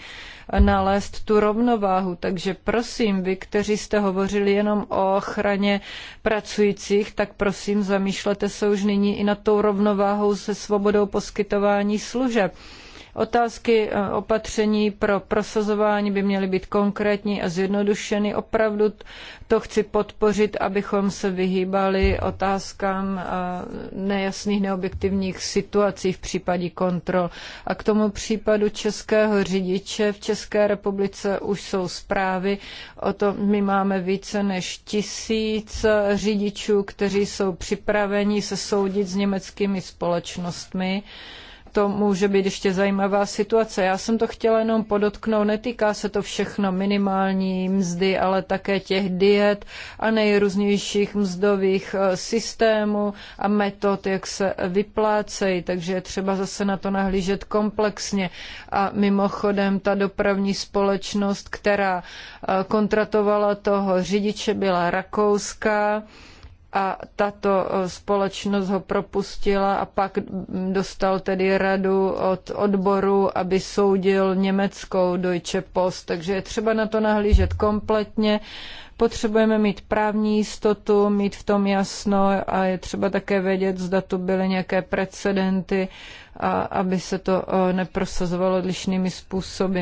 nalézt tu rovnováhu. Takže prosím, vy, kteří jste hovořili jenom o ochraně pracujících, tak prosím, zamýšlete se už nyní i nad tou rovnováhou se svobodou poskytování služeb. Otázky eh, opatření pro prosazování by měly být konkrétní a zjednodušeny. Opravdu to chci podpořit, abychom se vyhýbali otázkám eh, nejasných, neobjektivních situací v případě kontrol. A k tomu případu českého řidiče v České republice už jsou zprávy. O to my máme více než tisíc řidičů, kteří jsou připraveni se soudit s německými společnostmi to může být ještě zajímavá situace. Já jsem to chtěla jenom podotknout, netýká se to všechno minimální mzdy, ale také těch diet a nejrůznějších mzdových eh, systémů a metod, jak se vyplácejí, takže je třeba zase na to nahlížet komplexně. A mimochodem ta dopravní společnost, která eh, kontratovala toho řidiče, byla rakouská, a tato eh, společnost ho propustila a pak dostal tedy radu od odboru, aby soudil německou Deutsche Post. Takže je třeba na to nahlížet kompletně. Potřebujeme mít právní jistotu, mít v tom jasno a je třeba také vědět, zda tu byly nějaké precedenty, a aby se to eh, neprosazovalo odlišnými způsoby.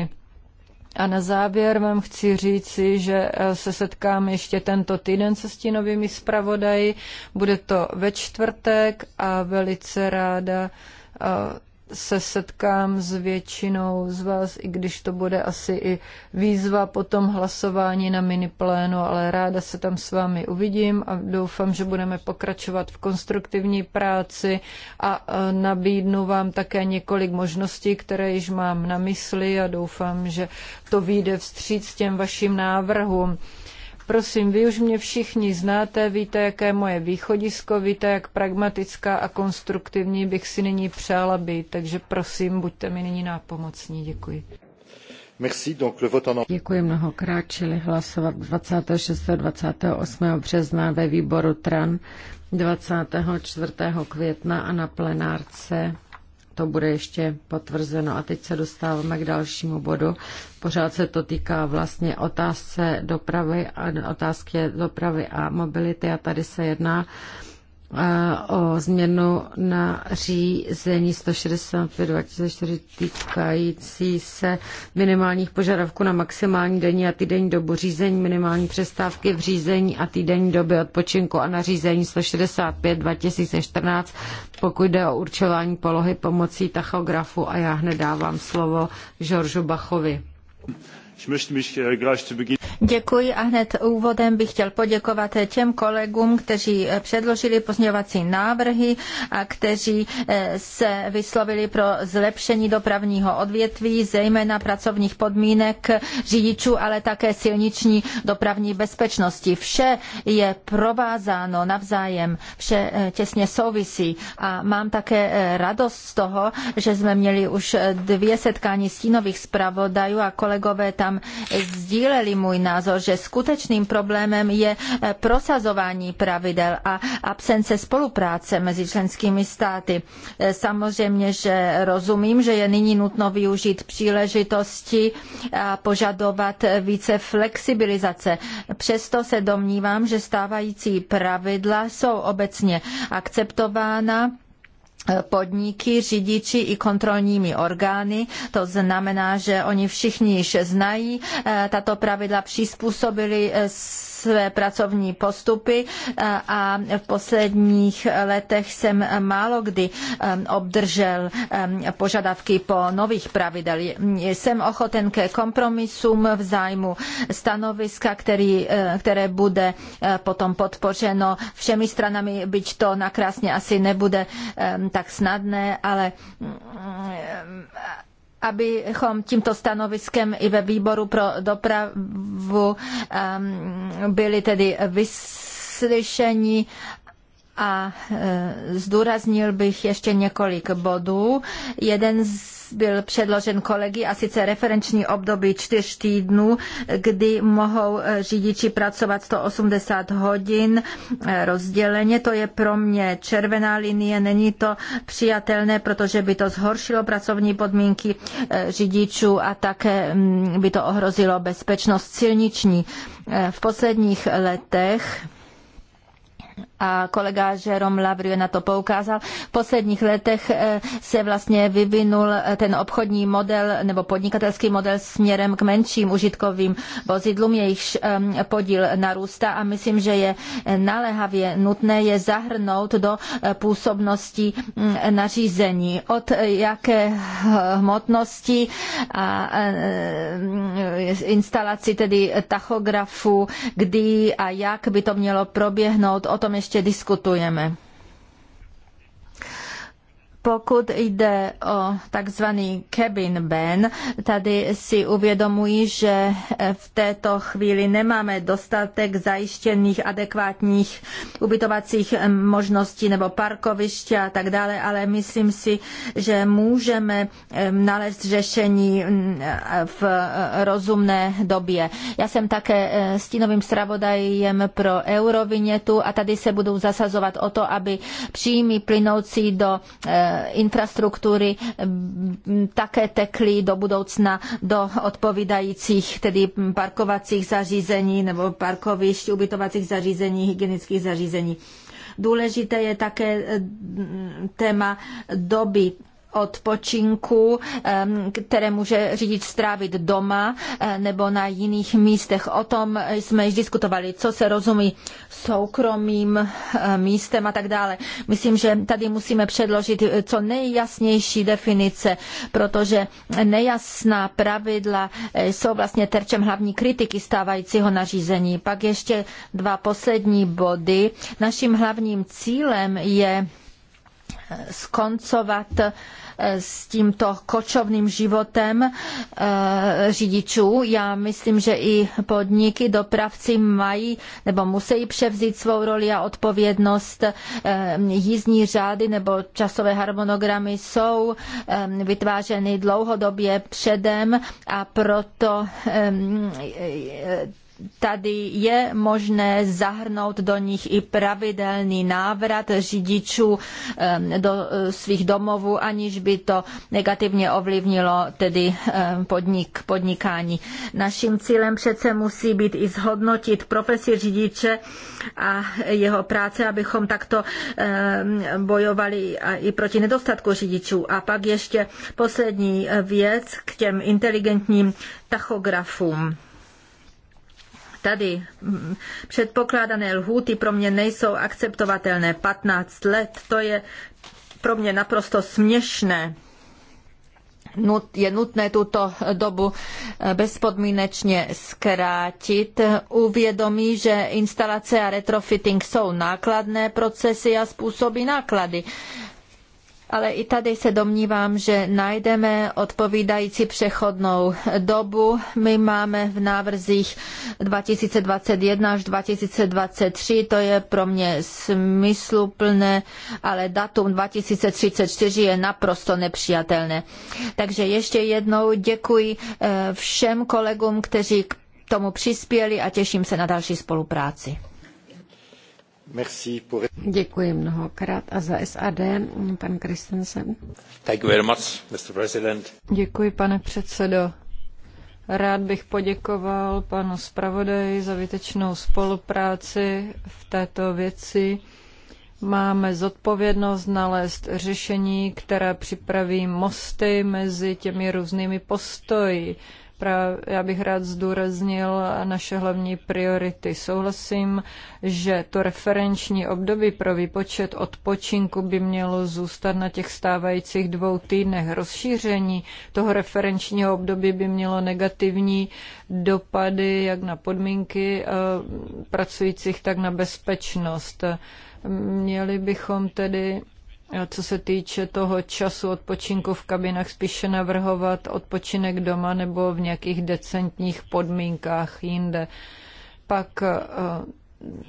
A na závěr vám chci říci, že eh, se setkám ještě tento týden se stínovými zpravodaji. Bude to ve čtvrtek a velice ráda eh, se setkám s většinou z vás, i když to bude asi i výzva po tom hlasování na miniplénu, ale ráda se tam s vámi uvidím a doufám, že budeme pokračovat v konstruktivní práci a e, nabídnu vám také několik možností, které již mám na mysli a doufám, že to vyjde vstříc těm vašim návrhům. Prosím, vy už mě všichni znáte, víte, jaké je moje východisko, víte, jak pragmatická a konstruktivní bych si nyní přála být, takže prosím, buďte mi nyní nápomocní. Děkuji. Děkuji mnohokrát, čili hlasovat 26. 28. března ve výboru TRAN, 24. května a na plenárce to bude ještě potvrzeno. A teď se dostáváme k dalšímu bodu. Pořád se to týká vlastně otázce dopravy a, otázky dopravy a mobility a tady se jedná o změnu na řízení 165 2004 týkající se minimálních požadavků na maximální denní a týdenní dobu řízení, minimální přestávky v řízení a týdenní doby odpočinku a na řízení 165 2014, pokud jde o určování polohy pomocí tachografu a já hned dávám slovo Žoržu Bachovi. Äh, Děkuji a hned úvodem bych chtěl poděkovat eh, těm kolegům, kteří eh, předložili pozměňovací návrhy a kteří eh, se vyslovili pro zlepšení dopravního odvětví, zejména pracovních podmínek řidičů, ale také silniční dopravní bezpečnosti. Vše je provázáno navzájem, vše těsně souvisí a mám také radost z toho, že jsme měli už dvě setkání stínových zpravodajů a kolegové tam tam sdíleli můj názor, že skutečným problémem je eh, prosazování pravidel a absence spolupráce mezi členskými státy. Eh, samozřejmě, že rozumím, že je nyní nutno využít příležitosti a požadovat více flexibilizace. Přesto se domnívám, že stávající pravidla jsou obecně akceptována podniky, řidiči i kontrolními orgány. To znamená, že oni všichni již znají eh, tato pravidla, přizpůsobili s své pracovní postupy eh, a v posledních letech jsem málo kdy eh, obdržel eh, požadavky po nových pravidel. Jsem ochoten ke kompromisům v zájmu stanoviska, který, které bude potom podpořeno všemi stranami, byť to nakrásně asi nebude tak snadné, ale mm, abychom tímto stanoviskem i ve výboru pro dopravu ehm, byli tedy vyslyšeni a e, zdůraznil bych ještě několik bodů. Jeden byl předložen kolegy a sice referenční období čtyř týdnů, kdy mohou e, řidiči pracovat 180 hodin e, rozděleně. To je pro mě červená linie, není to přijatelné, protože by to zhoršilo pracovní podmínky řidičů a také by to ohrozilo bezpečnost silniční. V posledních letech a kolega Jerome Lavrie na to poukázal. V posledních letech eh, se vlastně vyvinul eh, ten obchodní model nebo podnikatelský model směrem k menším užitkovým vozidlům, jejichž ehm, podíl narůstá a myslím, že je eh, naléhavě nutné je zahrnout do působnosti mm, nařízení. Od jaké hmotnosti a mm, instalaci tedy tachografu, kdy a jak by to mělo proběhnout, o tom ještě ještě diskutujeme. Pokud jde o takzvaný cabin ban, tady si uvědomuji, že eh, v této chvíli nemáme dostatek zajištěných adekvátních ubytovacích eh, možností nebo parkoviště a tak dále, ale myslím si, že můžeme eh, nalézt řešení mm, v rozumné době. Já jsem také stínovým stravodajem pro eurovinětu a tady se budou zasazovat o to, aby příjmy plynoucí do Eh, infrastruktury také tekly do budoucna do odpovídajících tedy parkovacích zařízení nebo parkovišť, ubytovacích zařízení, hygienických zařízení. Důležité je také eh, téma doby odpočinku, které může řidič strávit doma eh, nebo na jiných místech. O tom jsme již diskutovali, co se rozumí soukromým eh, místem a tak dále. Myslím, že tady musíme předložit eh, co nejjasnější definice, protože nejasná pravidla jsou vlastně terčem hlavní kritiky stávajícího nařízení. Pak ještě dva poslední body. Naším hlavním cílem je skoncovat s tímto kočovným životem eh, řidičů. Já myslím, že i podniky, dopravci mají nebo musí převzít svou roli a odpovědnost. Eh, jízdní řády nebo časové harmonogramy jsou eh, vytvářeny dlouhodobě předem a proto tady je možné zahrnout do nich i pravidelný návrat řidičů do eh, svých domovů, aniž by to negativně ovlivnilo tedy podnik, podnikání. Naším cílem přece musí být i zhodnotit profesi řidiče a jeho práce, abychom takto bojovali i proti nedostatku řidičů. A pak ještě poslední eh, věc k těm inteligentním tachografům tady předpokládané lhůty pro mě nejsou akceptovatelné. 15 let, to je pro mě naprosto směšné je nutné tuto dobu eh, bezpodmínečně zkrátit. Uvědomí, že instalace a retrofitting jsou nákladné procesy a způsobí náklady ale i tady se domnívám, že najdeme odpovídající přechodnou dobu. My máme v návrzích 2021 až 2023, to je pro mě smysluplné, ale datum 2034 je naprosto nepřijatelné. Takže ještě jednou děkuji eh, všem kolegům, kteří k tomu přispěli a těším se na další spolupráci. Merci pour... Děkuji mnohokrát a za SAD, pan Christensen. Thank you very much, Mr. President. Děkuji, pane předsedo. Rád bych poděkoval panu zpravodaji za výtečnou spolupráci v této věci. Máme zodpovědnost nalézt řešení, které připraví mosty mezi těmi různými postoji já bych rád zdůraznil naše hlavní priority. Souhlasím, že to referenční období pro výpočet odpočinku by mělo zůstat na těch stávajících dvou týdnech. Rozšíření toho referenčního období by mělo negativní dopady jak na podmínky eh, pracujících, tak na bezpečnost. Měli bychom tedy co se týče toho času odpočinku v kabinách, spíše navrhovat odpočinek doma nebo v nějakých decentních podmínkách jinde. Pak eh,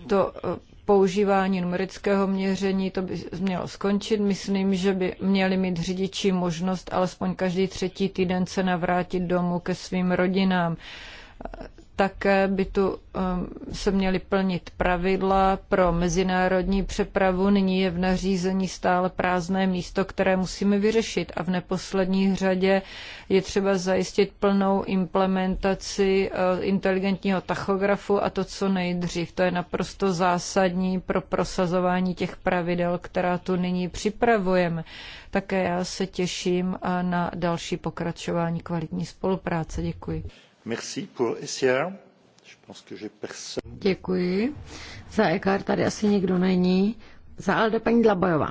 to eh, používání numerického měření, to by mělo skončit. Myslím, že by měli mít řidiči možnost alespoň každý třetí týden se navrátit domů ke svým rodinám. Také by tu um, se měly plnit pravidla pro mezinárodní přepravu. Nyní je v nařízení stále prázdné místo, které musíme vyřešit. A v neposlední řadě je třeba zajistit plnou implementaci uh, inteligentního tachografu a to co nejdřív. To je naprosto zásadní pro prosazování těch pravidel, která tu nyní připravujeme. Také já se těším uh, na další pokračování kvalitní spolupráce. Děkuji. Děkuji. Za EKR tady asi nikdo není. Za ALDE paní Dlabajová.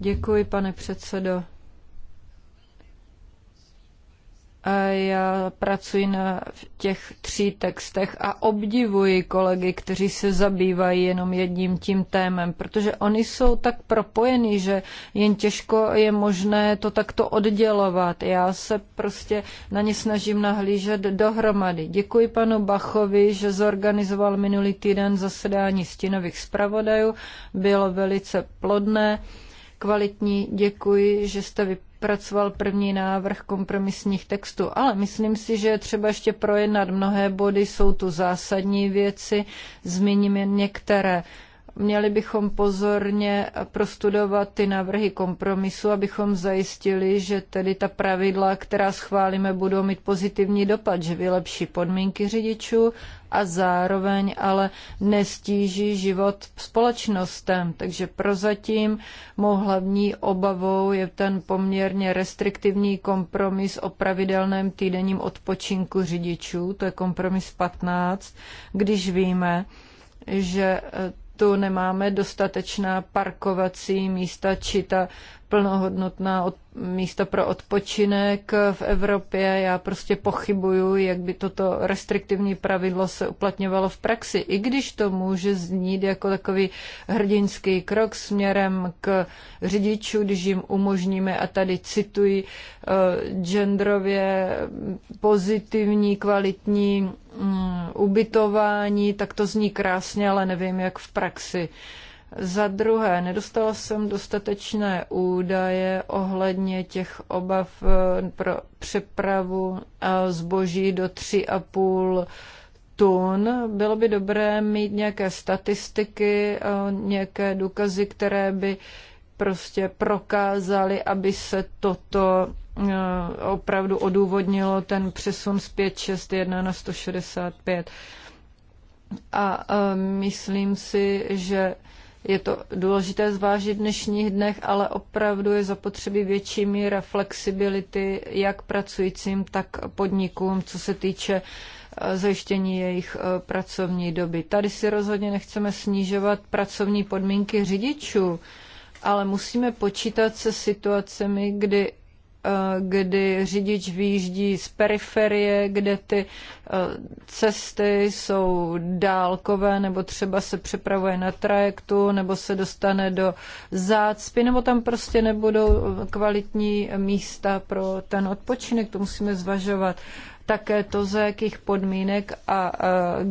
Děkuji, pane předsedo. Já pracuji na těch tří textech a obdivuji kolegy, kteří se zabývají jenom jedním tím témem, protože oni jsou tak propojení, že jen těžko je možné to takto oddělovat. Já se prostě na ně snažím nahlížet dohromady. Děkuji panu Bachovi, že zorganizoval minulý týden zasedání stínových zpravodajů. Bylo velice plodné kvalitní. Děkuji, že jste vypadali Pracoval první návrh kompromisních textů, ale myslím si, že je třeba ještě projednat mnohé body, jsou tu zásadní věci, zmíním jen některé. Měli bychom pozorně prostudovat ty návrhy kompromisu, abychom zajistili, že tedy ta pravidla, která schválíme, budou mít pozitivní dopad, že vylepší podmínky řidičů a zároveň ale nestíží život společnostem. Takže prozatím mou hlavní obavou je ten poměrně restriktivní kompromis o pravidelném týdenním odpočinku řidičů, to je kompromis 15, když víme, že eh, tu nemáme dostatečná parkovací místa či ta plnohodnotná od, místa pro odpočinek v Evropě. Já prostě pochybuju, jak by toto restriktivní pravidlo se uplatňovalo v praxi, i když to může znít jako takový hrdinský krok směrem k řidičům, když jim umožníme, a tady cituji, uh, genderově pozitivní, kvalitní um, ubytování, tak to zní krásně, ale nevím, jak v praxi. Uh, za druhé, nedostala jsem dostatečné údaje ohledně těch obav eh, pro přepravu eh, zboží do 3,5 tun. Bylo by dobré mít nějaké statistiky, eh, nějaké důkazy, které by prostě prokázaly, aby se toto opravdu odůvodnilo ten přesun z 561 na 165. A myslím si, že je to důležité zvážit v dnešních dnech, ale opravdu je zapotřebí větší míra flexibility jak pracujícím, tak podnikům, co se týče e, zajištění jejich e, pracovní doby. Tady si rozhodně nechceme snižovat pracovní podmínky řidičů, ale musíme počítat se situacemi, kdy Eh, kdy řidič výjíždí z periferie, kde ty eh, cesty jsou dálkové, nebo třeba se přepravuje na trajektu, nebo se dostane do zácpy, nebo tam prostě nebudou kvalitní místa pro ten odpočinek, to musíme zvažovat také to, za jakých podmínek a eh,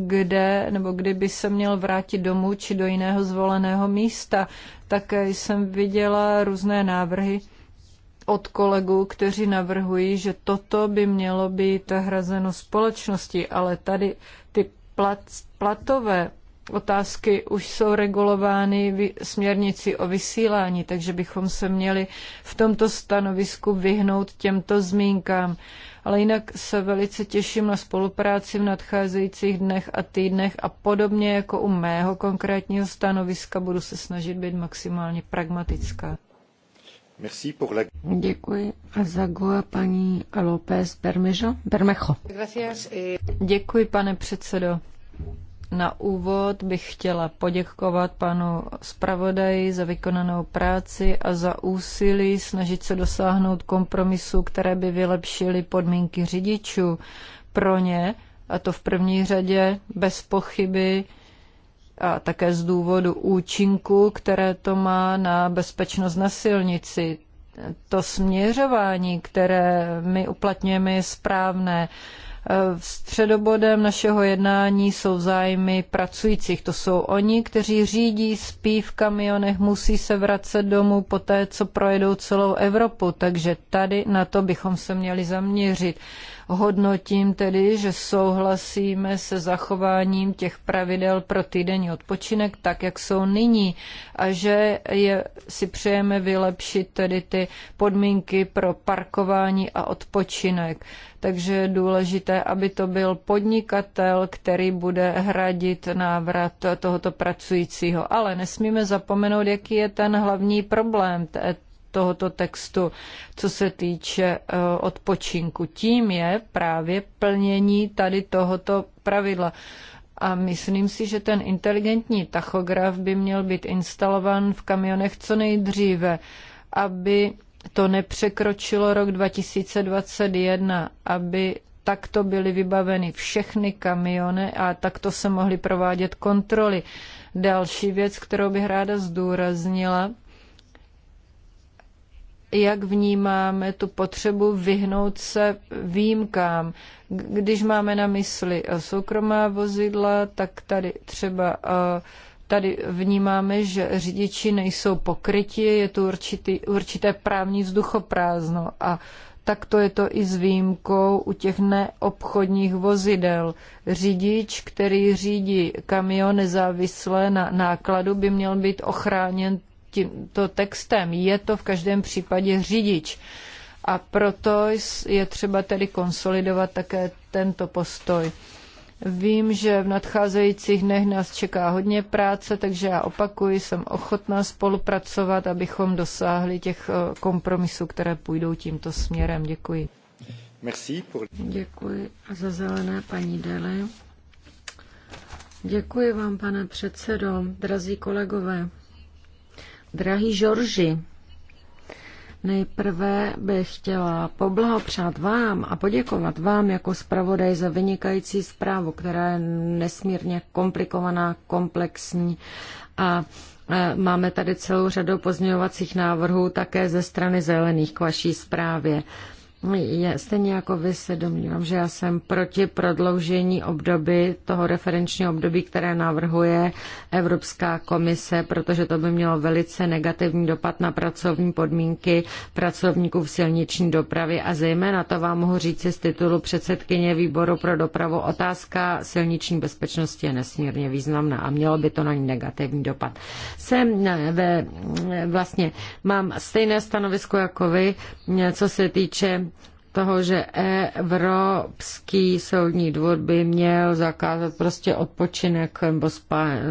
kde nebo kdyby se měl vrátit domů či do jiného zvoleného místa. Také jsem viděla různé návrhy od kolegů, kteří navrhují, že toto by mělo být hrazeno společnosti, ale tady ty plat, platové otázky už jsou regulovány směrnici o vysílání, takže bychom se měli v tomto stanovisku vyhnout těmto zmínkám. Ale jinak se velice těším na spolupráci v nadcházejících dnech a týdnech a podobně jako u mého konkrétního stanoviska budu se snažit být maximálně pragmatická. Merci pour la... Děkuji. A za Goa paní López Bermejo? Bermejo. Eh. Děkuji, pane předsedo. Na úvod bych chtěla poděkovat panu zpravodaji za vykonanou práci a za úsilí snažit se dosáhnout kompromisu, které by vylepšily podmínky řidičů pro ně, a to v první řadě bez pochyby a také z důvodu účinku, které to má na bezpečnost na silnici. To směřování, které my uplatňujeme, je správné. E, v středobodem našeho jednání jsou zájmy pracujících. To jsou oni, kteří řídí, spí v kamionech, musí se vracet domů po té, co projedou celou Evropu. Takže tady na to bychom se měli zaměřit. Hodnotím tedy, že souhlasíme se zachováním těch pravidel pro týdenní odpočinek tak, jak jsou nyní a že je, si přejeme vylepšit tedy ty podmínky pro parkování a odpočinek. Takže je důležité, aby to byl podnikatel, který bude hradit návrat tohoto pracujícího. Ale nesmíme zapomenout, jaký je ten hlavní problém tohoto textu, co se týče e, odpočinku. Tím je právě plnění tady tohoto pravidla. A myslím si, že ten inteligentní tachograf by měl být instalovan v kamionech co nejdříve, aby to nepřekročilo rok 2021, aby takto byly vybaveny všechny kamiony a takto se mohly provádět kontroly. Další věc, kterou bych ráda zdůraznila, jak vnímáme tu potřebu vyhnout se výjimkám. Když máme na mysli eh, soukromá vozidla, tak tady třeba eh, tady vnímáme, že řidiči nejsou pokrytí, je tu určitý, určité právní vzduchoprázdno a tak to je to i s výjimkou u těch neobchodních vozidel. Řidič, který řídí kamion nezávisle na nákladu, by měl být ochráněn tímto textem. Je to v každém případě řidič. A proto je třeba tedy konsolidovat také tento postoj. Vím, že v nadcházejících dnech nás čeká hodně práce, takže já opakuji, jsem ochotná spolupracovat, abychom dosáhli těch eh, kompromisů, které půjdou tímto směrem. Děkuji. Merci pour... Děkuji a za zelené paní Dele. Děkuji vám, pane předsedo, drazí kolegové. Drahý Žorži, Nejprve bych chtěla poblahopřát vám a poděkovat vám jako zpravodaj za vynikající zprávu, která je nesmírně komplikovaná, komplexní a e, máme tady celou řadu pozměňovacích návrhů také ze strany zelených k vaší zprávě. Já stejně jako vy se domnívám, že já jsem proti prodloužení období, toho referenčního období, které navrhuje Evropská komise, protože to by mělo velice negativní dopad na pracovní podmínky pracovníků v silniční dopravě a zejména to vám mohu říct z titulu předsedkyně výboru pro dopravu. Otázka silniční bezpečnosti je nesmírně významná a mělo by to na ní negativní dopad. Jsem eh, ve, eh, vlastně mám stejné stanovisko jako vy, eh, co se týče toho, že Evropský soudní dvůr by měl zakázat prostě odpočinek nebo spa, eh,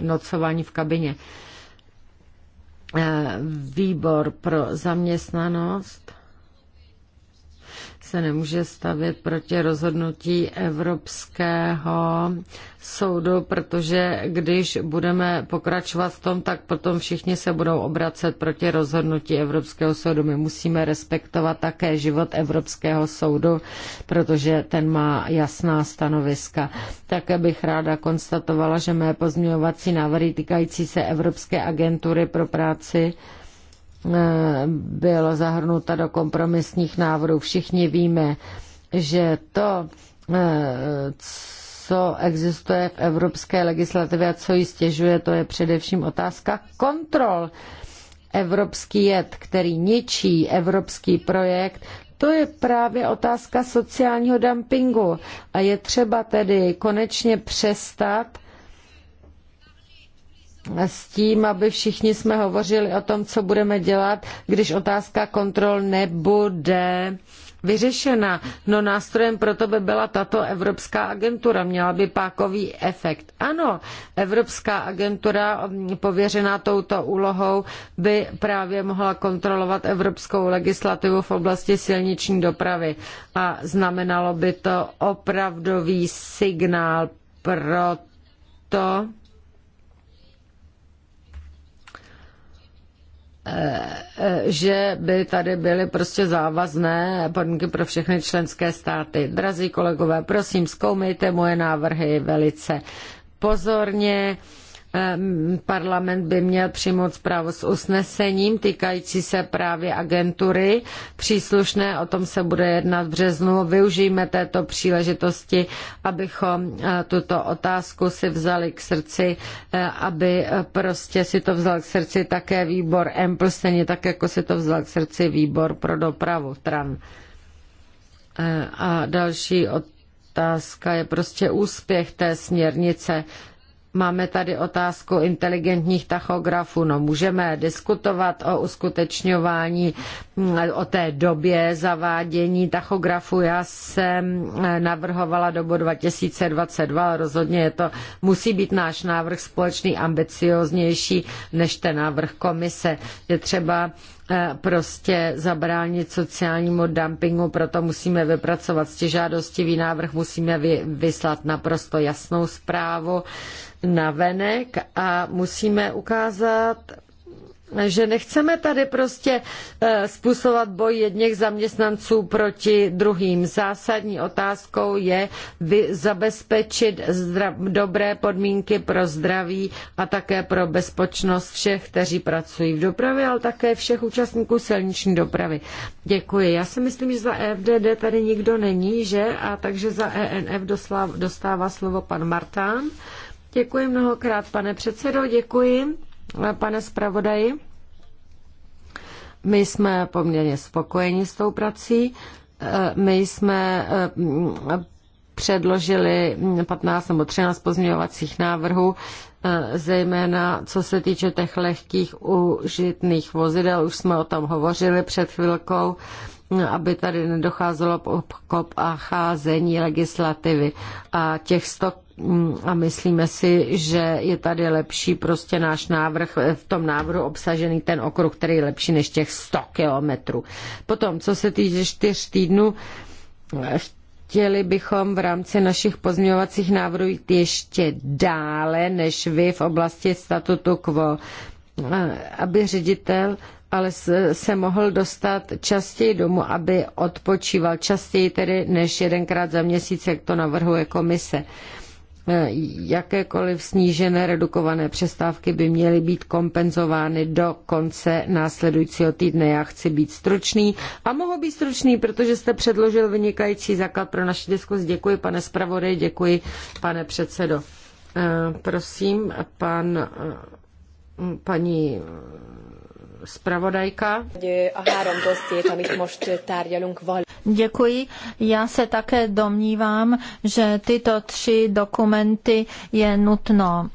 nocování v kabině. Eh, výbor pro zaměstnanost se nemůže stavět proti rozhodnutí Evropského soudu, protože když budeme pokračovat v tom, tak potom všichni se budou obracet proti rozhodnutí Evropského soudu. My musíme respektovat také život Evropského soudu, protože ten má jasná stanoviska. Také bych ráda konstatovala, že mé pozměňovací návrhy týkající se Evropské agentury pro práci Eh, bylo zahrnuta do kompromisních návrhů. Všichni víme, že to, eh, co existuje v evropské legislativě a co ji stěžuje, to je především otázka kontrol. Evropský jed, který ničí evropský projekt, to je právě otázka sociálního dumpingu. A je třeba tedy konečně přestat s tím, aby všichni jsme hovořili o tom, co budeme dělat, když otázka kontrol nebude vyřešena. No nástrojem proto by byla tato Evropská agentura, měla by pákový efekt. Ano, Evropská agentura pověřená touto úlohou by právě mohla kontrolovat evropskou legislativu v oblasti silniční dopravy a znamenalo by to opravdový signál pro to, Eh, že by tady byly prostě závazné podmínky pro všechny členské státy. Drazí kolegové, prosím, zkoumejte moje návrhy velice pozorně. Parlament by měl přijmout zprávu s usnesením týkající se právě agentury příslušné, o tom se bude jednat v březnu. Využijme této příležitosti, abychom eh, tuto otázku si vzali k srdci, eh, aby eh, prostě si to vzal k srdci také výbor EMPL, stejně tak, jako si to vzal k srdci výbor pro dopravu TRAN. A další otázka otázka je prostě úspěch té směrnice. Máme tady otázku inteligentních tachografů. No, můžeme diskutovat o uskutečňování o té době zavádění tachografu. Já jsem navrhovala dobu 2022, ale rozhodně je to, musí být náš návrh společný ambicioznější než ten návrh komise. Je třeba eh, prostě zabránit sociálnímu dumpingu, proto musíme vypracovat stěžádostivý návrh, musíme vyslat naprosto jasnou zprávu na venek a musíme ukázat že nechceme tady prostě eh, způsobovat boj jedněch zaměstnanců proti druhým. Zásadní otázkou je zabezpečit dobré podmínky pro zdraví a také pro bezpečnost všech, kteří pracují v dopravě, ale také všech účastníků silniční dopravy. Děkuji. Já si myslím, že za EFDD tady nikdo není, že? A takže za ENF dostává slovo pan Martán. Děkuji mnohokrát, pane předsedo, děkuji pane zpravodaji. My jsme poměrně spokojeni s tou prací. Eh, my jsme eh, předložili 15 nebo 13 pozměňovacích návrhů, eh, zejména co se týče těch lehkých užitných vozidel. Už jsme o tom hovořili před chvilkou aby tady nedocházelo k obcházení legislativy. A těch 100 Mm, a myslíme si, že je tady lepší prostě náš návrh, eh, v tom návrhu obsažený ten okruh, který je lepší než těch 100 kilometrů. Potom, co se týče čtyř týdnů, eh, chtěli bychom v rámci našich pozměňovacích návrhů jít ještě dále než vy v oblasti statutu quo, eh, aby ředitel ale se mohl dostat častěji domů, aby odpočíval častěji tedy než jedenkrát za měsíc, jak to navrhuje komise. Eh, jakékoliv snížené redukované přestávky by měly být kompenzovány do konce následujícího týdne. Já chci být stručný a mohu být stručný, protože jste předložil vynikající základ pro naši diskus. Děkuji, pane zpravodaj, děkuji, pane předsedo. Eh, prosím, pan, eh, paní Spravodajka. Děkuji. Já se také domnívám, že tyto tři dokumenty je nutno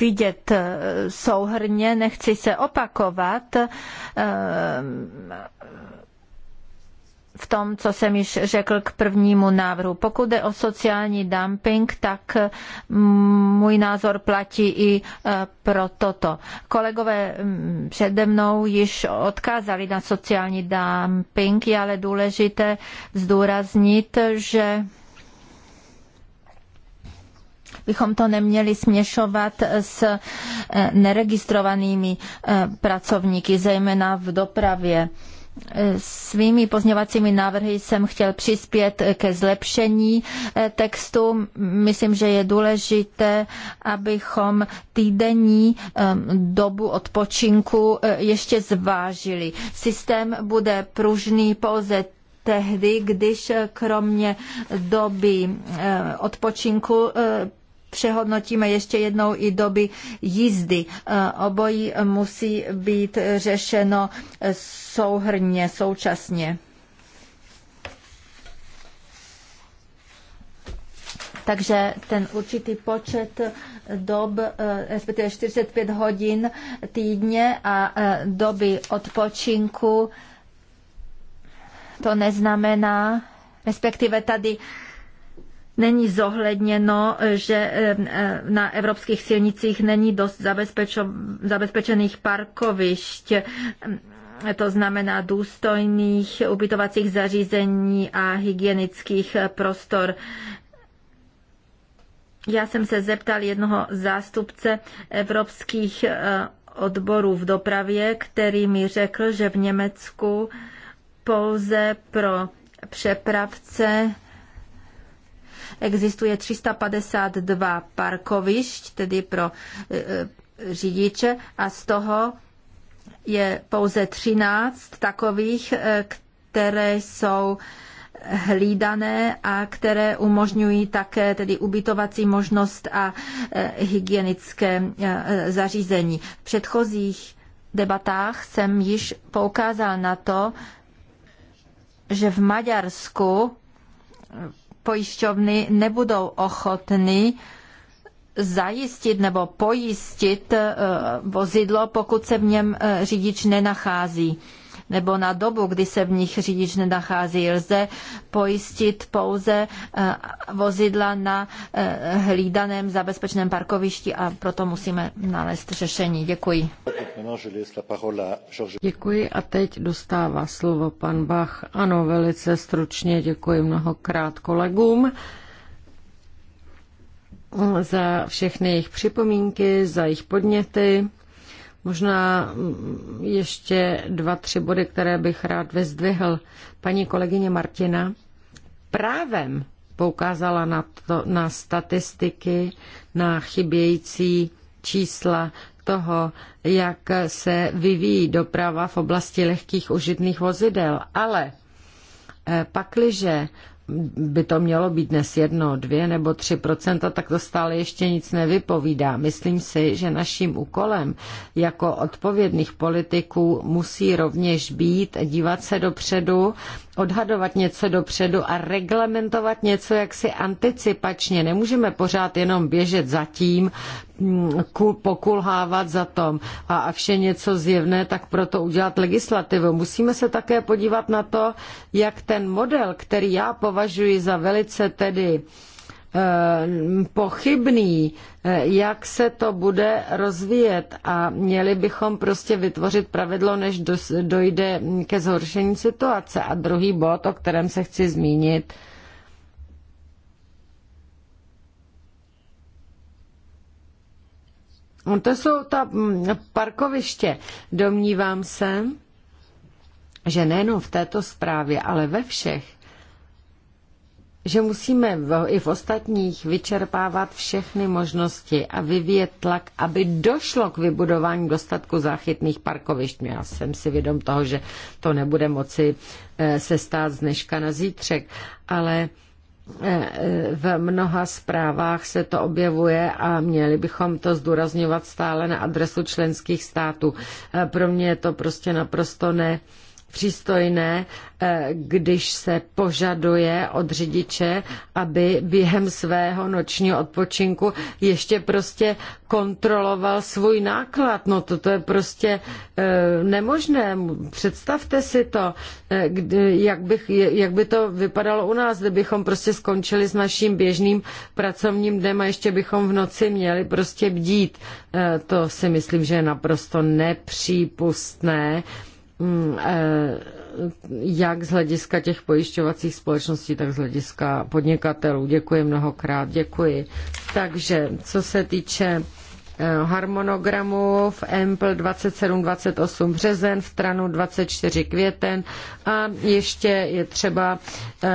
vidět eh, souhrně, nechci se opakovat eh, v tom, co jsem již řekl k prvnímu návrhu. Pokud jde o sociální dumping, tak mm, můj názor platí i e, pro toto. Kolegové mm, přede mnou již odkázali na sociální dumping, je ale důležité zdůraznit, že bychom to neměli směšovat s e, neregistrovanými e, pracovníky, zejména v dopravě Svými pozněvacími návrhy jsem chtěl přispět ke zlepšení eh, textu. Myslím, že je důležité, abychom týdenní ehm, dobu odpočinku eh, ještě zvážili. Systém bude pružný pouze tehdy, když eh, kromě doby odpočinku přehodnotíme ještě jednou i doby jízdy. E, obojí musí být řešeno souhrně, současně. Takže ten určitý počet dob, e, respektive 45 hodin týdně a e, doby odpočinku, to neznamená, respektive tady není zohledněno, že eh, eh, na evropských silnicích není dost zabezpečených parkovišť to znamená důstojných ubytovacích zařízení a hygienických prostor. Já jsem se zeptal jednoho zástupce evropských eh, odborů v dopravě, který mi řekl, že v Německu pouze pro přepravce existuje 352 parkovišť, tedy pro e, e, řidiče, a z toho je pouze 13 takových, e, které jsou hlídané a které umožňují také tedy ubytovací možnost a hygienické zařízení. V předchozích debatách jsem již poukázal na to, že v Maďarsku pojišťovny nebudou ochotny zajistit nebo pojistit eh, vozidlo, pokud se v něm eh, řidič nenachází nebo na dobu, kdy se v nich řidič nenachází. Lze pojistit pouze eh, vozidla na eh, hlídaném zabezpečném parkovišti a proto musíme nalézt řešení. Děkuji. Děkuji a teď dostává slovo pan Bach. Ano, velice stručně děkuji mnohokrát kolegům za všechny jejich připomínky, za jejich podněty. Možná ještě dva, tři body, které bych rád vyzdvihl. Paní kolegyně Martina právem poukázala na, to, na statistiky, na chybějící čísla toho, jak se vyvíjí doprava v oblasti lehkých užitných vozidel. Ale eh, pakliže by to mělo být dnes jedno, dvě nebo tři procenta, tak to stále ještě nic nevypovídá. Myslím si, že naším úkolem jako odpovědných politiků musí rovněž být dívat se dopředu odhadovat něco dopředu a reglementovat něco jaksi anticipačně. Nemůžeme pořád jenom běžet zatím, mm, pokulhávat za tom a, a vše něco zjevné, tak proto udělat legislativu. Musíme se také podívat na to, jak ten model, který já považuji za velice tedy Eh, pochybný, eh, jak se to bude rozvíjet a měli bychom prostě vytvořit pravidlo, než dojde ke zhoršení situace. A druhý bod, o kterém se chci zmínit, no, To jsou ta mm, parkoviště. Domnívám se, že nejenom v této zprávě, ale ve všech že musíme v, i v ostatních vyčerpávat všechny možnosti a vyvíjet tlak, aby došlo k vybudování dostatku záchytných parkovišť. Já jsem si vědom toho, že to nebude moci eh, se stát z dneška na zítřek, ale eh, v mnoha zprávách se to objevuje a měli bychom to zdůrazňovat stále na adresu členských států. Eh, pro mě je to prostě naprosto ne, přístojné, eh, když se požaduje od řidiče, aby během svého nočního odpočinku ještě prostě kontroloval svůj náklad. No to to je prostě eh, nemožné. Představte si to, eh, jak, bych, jak by to vypadalo u nás, kdybychom prostě skončili s naším běžným pracovním dnem a ještě bychom v noci měli prostě bdít. To si myslím, že je naprosto nepřípustné Mm, eh, jak z hlediska těch pojišťovacích společností, tak z hlediska podnikatelů. Děkuji mnohokrát, děkuji. Takže co se týče Eh, harmonogramu v Empl 27-28 březen, v 24 květen a ještě je třeba eh,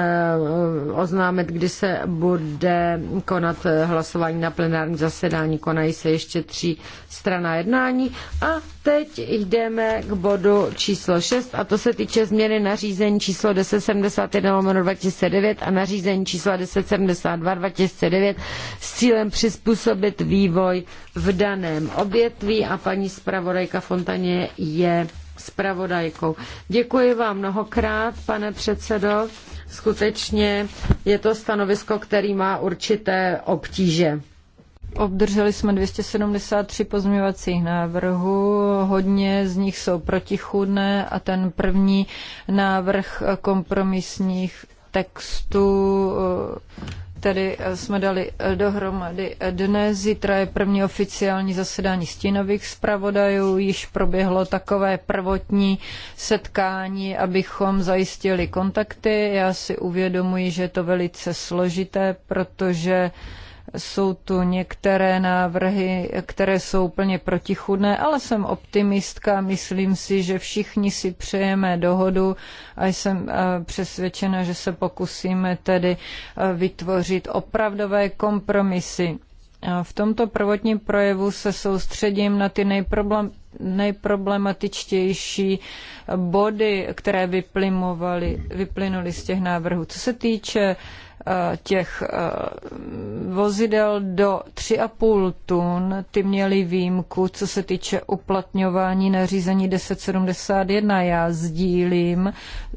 oznámit, kdy se bude konat hlasování na plenárním zasedání. Konají se ještě tři strana jednání a teď jdeme k bodu číslo 6 a to se týče změny nařízení číslo 1071 2009 a nařízení číslo 1072 2009 s cílem přizpůsobit vývoj v daném obětví a paní zpravodajka Fontaně je zpravodajkou. Děkuji vám mnohokrát, pane předsedo. Skutečně je to stanovisko, který má určité obtíže. Obdrželi jsme 273 pozměňovacích návrhů, hodně z nich jsou protichůdné a ten první návrh kompromisních textů tedy eh, jsme dali eh, dohromady eh, dnes. Zítra je první oficiální zasedání stínových zpravodajů. Již proběhlo takové prvotní setkání, abychom zajistili kontakty. Já si uvědomuji, že je to velice složité, protože uh, jsou tu některé návrhy, které jsou úplně protichudné, ale jsem optimistka. Myslím si, že všichni si přejeme dohodu a jsem eh, přesvědčena, že se pokusíme tedy eh, vytvořit opravdové kompromisy. V tomto prvotním projevu se soustředím na ty nejproblem, nejproblematičtější eh, body, které vyplynuly z těch návrhů. Co se týče uh, Eh, těch eh, vozidel do 3,5 tun, ty měly výjimku, co se týče uplatňování nařízení 1071. Já sdílím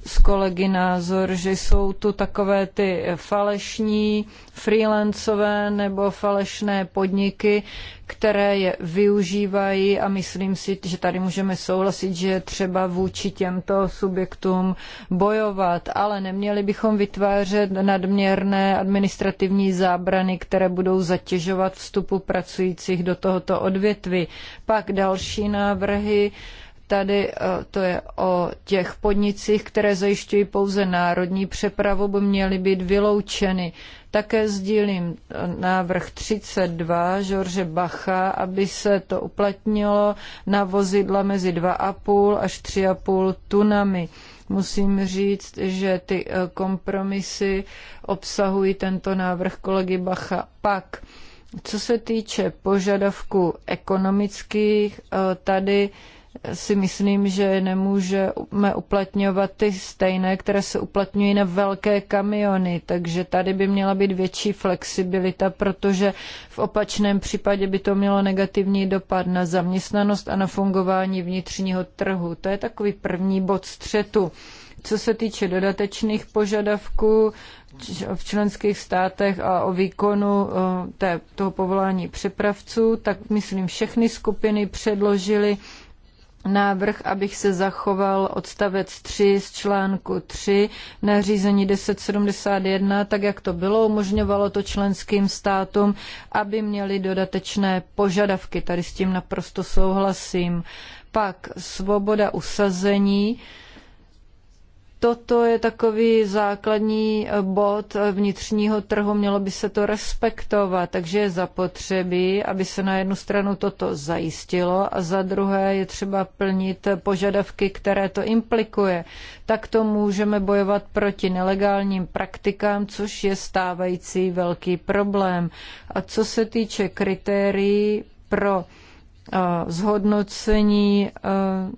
s kolegy názor, že jsou tu takové ty falešní, freelancové nebo falešné podniky, které je využívají a myslím si, že tady můžeme souhlasit, že je třeba vůči těmto subjektům bojovat, ale neměli bychom vytvářet nadměrné administrativní zábrany, které budou zatěžovat vstupu pracujících do tohoto odvětví. Pak další návrhy tady eh, to je o těch podnicích, které zajišťují pouze národní přepravu, by měly být vyloučeny. Také sdílím eh, návrh 32 George Bacha, aby se to uplatnilo na vozidla mezi 2,5 až 3,5 tunami. Musím říct, že ty eh, kompromisy obsahují tento návrh kolegy Bacha. Pak, co se týče požadavků ekonomických, eh, tady si myslím, že nemůžeme uplatňovat ty stejné, které se uplatňují na velké kamiony, takže tady by měla být větší flexibilita, protože v opačném případě by to mělo negativní dopad na zaměstnanost a na fungování vnitřního trhu. To je takový první bod střetu. Co se týče dodatečných požadavků v členských státech a o výkonu eh, té, toho povolání přepravců, tak myslím, všechny skupiny předložily návrh, abych se zachoval odstavec 3 z článku 3 nařízení 1071, tak jak to bylo, umožňovalo to členským státům, aby měli dodatečné požadavky. Tady s tím naprosto souhlasím. Pak svoboda usazení. Uh, Toto je takový základní bod vnitřního trhu, mělo by se to respektovat, takže je zapotřebí, aby se na jednu stranu toto zajistilo a za druhé je třeba plnit požadavky, které to implikuje. Takto můžeme bojovat proti nelegálním praktikám, což je stávající velký problém. A co se týče kritérií pro eh, zhodnocení eh,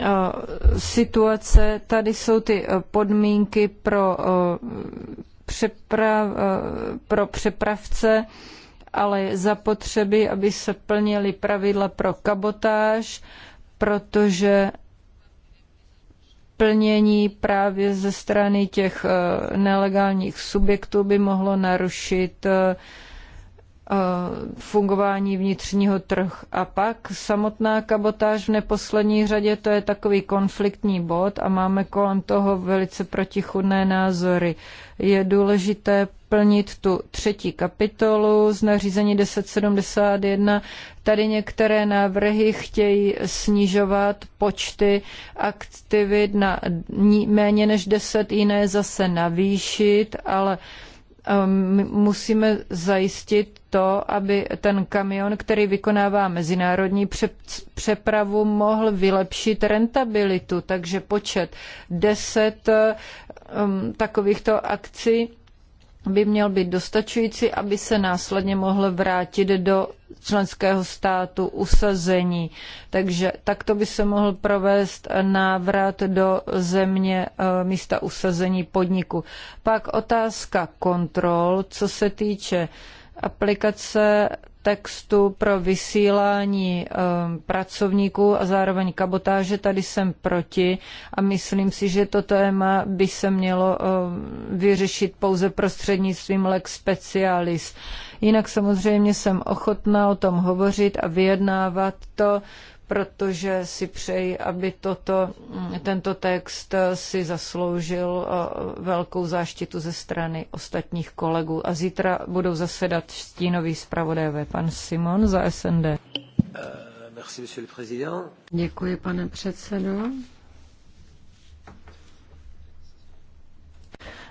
Eh, situace, tady jsou ty eh, podmínky pro, eh, přeprav, pro přepravce, ale je zapotřebí, aby se plnily pravidla pro kabotáž, protože plnění právě ze strany těch nelegálních subjektů by mohlo narušit Eh, fungování vnitřního trh. A pak samotná kabotáž v neposlední řadě, to je takový konfliktní bod a máme kolem toho velice protichudné názory. Je důležité plnit tu třetí kapitolu z nařízení 1071. Tady některé návrhy chtějí snižovat počty aktivit na méně než 10, jiné zase navýšit, ale musíme zajistit to, aby ten kamion, který vykonává mezinárodní přepravu, mohl vylepšit rentabilitu. Takže počet deset um, takovýchto akcí by měl být dostačující, aby se následně mohl vrátit do členského státu usazení. Takže takto by se mohl provést návrat do země eh, místa usazení podniku. Pak otázka kontrol, co se týče aplikace textu pro vysílání eh, pracovníků a zároveň kabotáže. Tady jsem proti a myslím si, že to téma by se mělo eh, vyřešit pouze prostřednictvím lex specialis. Jinak samozřejmě jsem ochotná o tom hovořit a vyjednávat to, protože si přeji, aby toto, mm, tento text eh, si zasloužil eh, velkou záštitu ze strany ostatních kolegů. A zítra budou zasedat stínový zpravodajové pan Simon za SND. Eh, Děkuji, pane předsedo.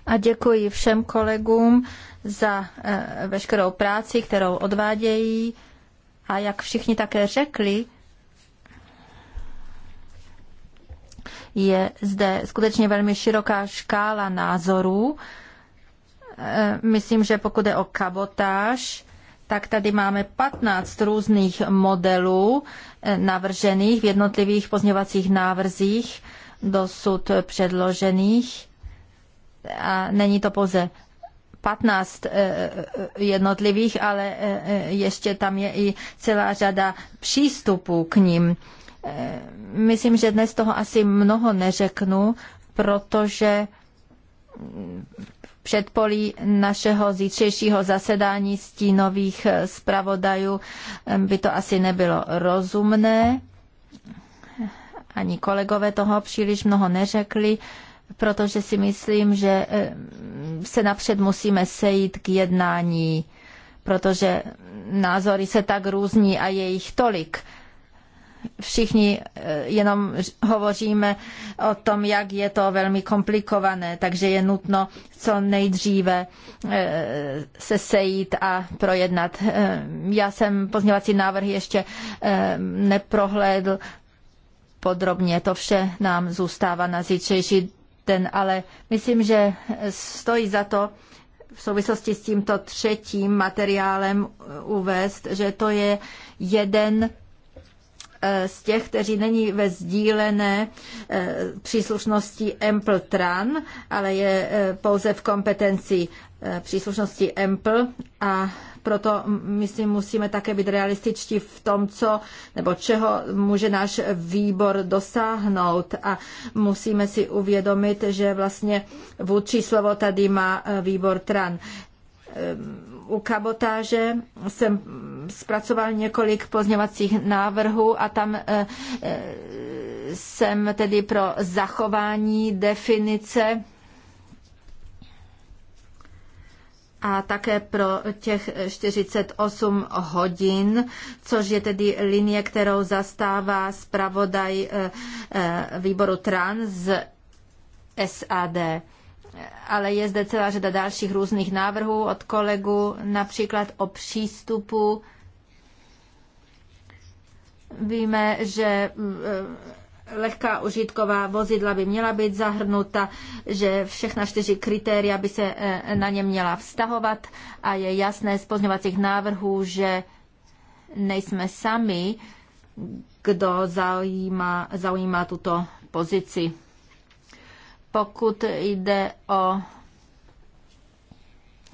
a děkuji všem kolegům za eh, veškerou práci, kterou odvádějí. A jak všichni také řekli, je zde skutečně velmi široká škála názorů. Eh, myslím, že pokud je o kabotáž, tak tady máme 15 různých modelů eh, navržených v jednotlivých pozměvacích návrzích dosud předložených a není to pouze 15 eh, eh, jednotlivých, ale eh, ještě tam je i celá řada přístupů k ním. Myslím, že dnes toho asi mnoho neřeknu, protože předpolí našeho zítřejšího zasedání stínových zpravodajů by to asi nebylo rozumné. Ani kolegové toho příliš mnoho neřekli protože si myslím, že eh, se napřed musíme sejít k jednání, protože názory se tak různí a je jich tolik všichni eh, jenom hovoříme o tom, jak je to velmi komplikované, takže je nutno co nejdříve eh, se sejít a projednat. Já jsem pozněvací návrh ještě neprohlédl podrobně. To vše nám zůstává na zítřejší ten, ale myslím, že stojí za to v souvislosti s tímto třetím materiálem uvést, že to je jeden eh, z těch, kteří není ve sdílené eh, příslušnosti EMPL TRAN, ale je eh, pouze v kompetenci příslušnosti EMPL a proto myslím, musíme také být realističtí v tom, co nebo čeho může náš výbor dosáhnout a musíme si uvědomit, že vlastně vůdčí slovo tady má e, výbor TRAN. E, u kabotáže jsem zpracoval několik pozněvacích návrhů a tam e, jsem tedy pro zachování definice a také pro těch 48 hodin, což je tedy linie, kterou zastává zpravodaj eh, eh, výboru Trans SAD. Ale je zde celá řada dalších různých návrhů od kolegu. například o přístupu Víme, že eh, lehká užitková vozidla by měla být zahrnuta, že všechna čtyři kritéria by se eh, na ně měla vztahovat a je jasné z pozměňovacích návrhů, že nejsme sami, kdo zaujímá, zaujímá tuto pozici. Pokud jde o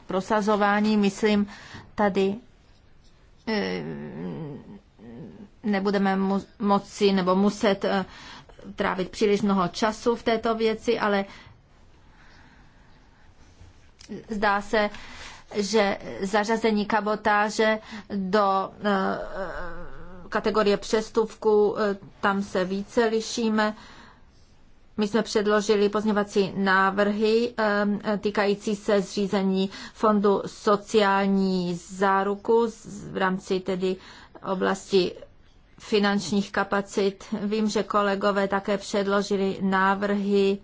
prosazování, myslím, tady eh, nebudeme mu, moci nebo muset eh, trávit příliš mnoho času v této věci, ale zdá se, že zařazení kabotáže do eh, kategorie uh, tam se více lišíme. My jsme předložili pozněvací návrhy týkající se zřízení fondu sociální záruku v rámci tedy oblasti finančních kapacit. Vím, že kolegové také předložili návrhy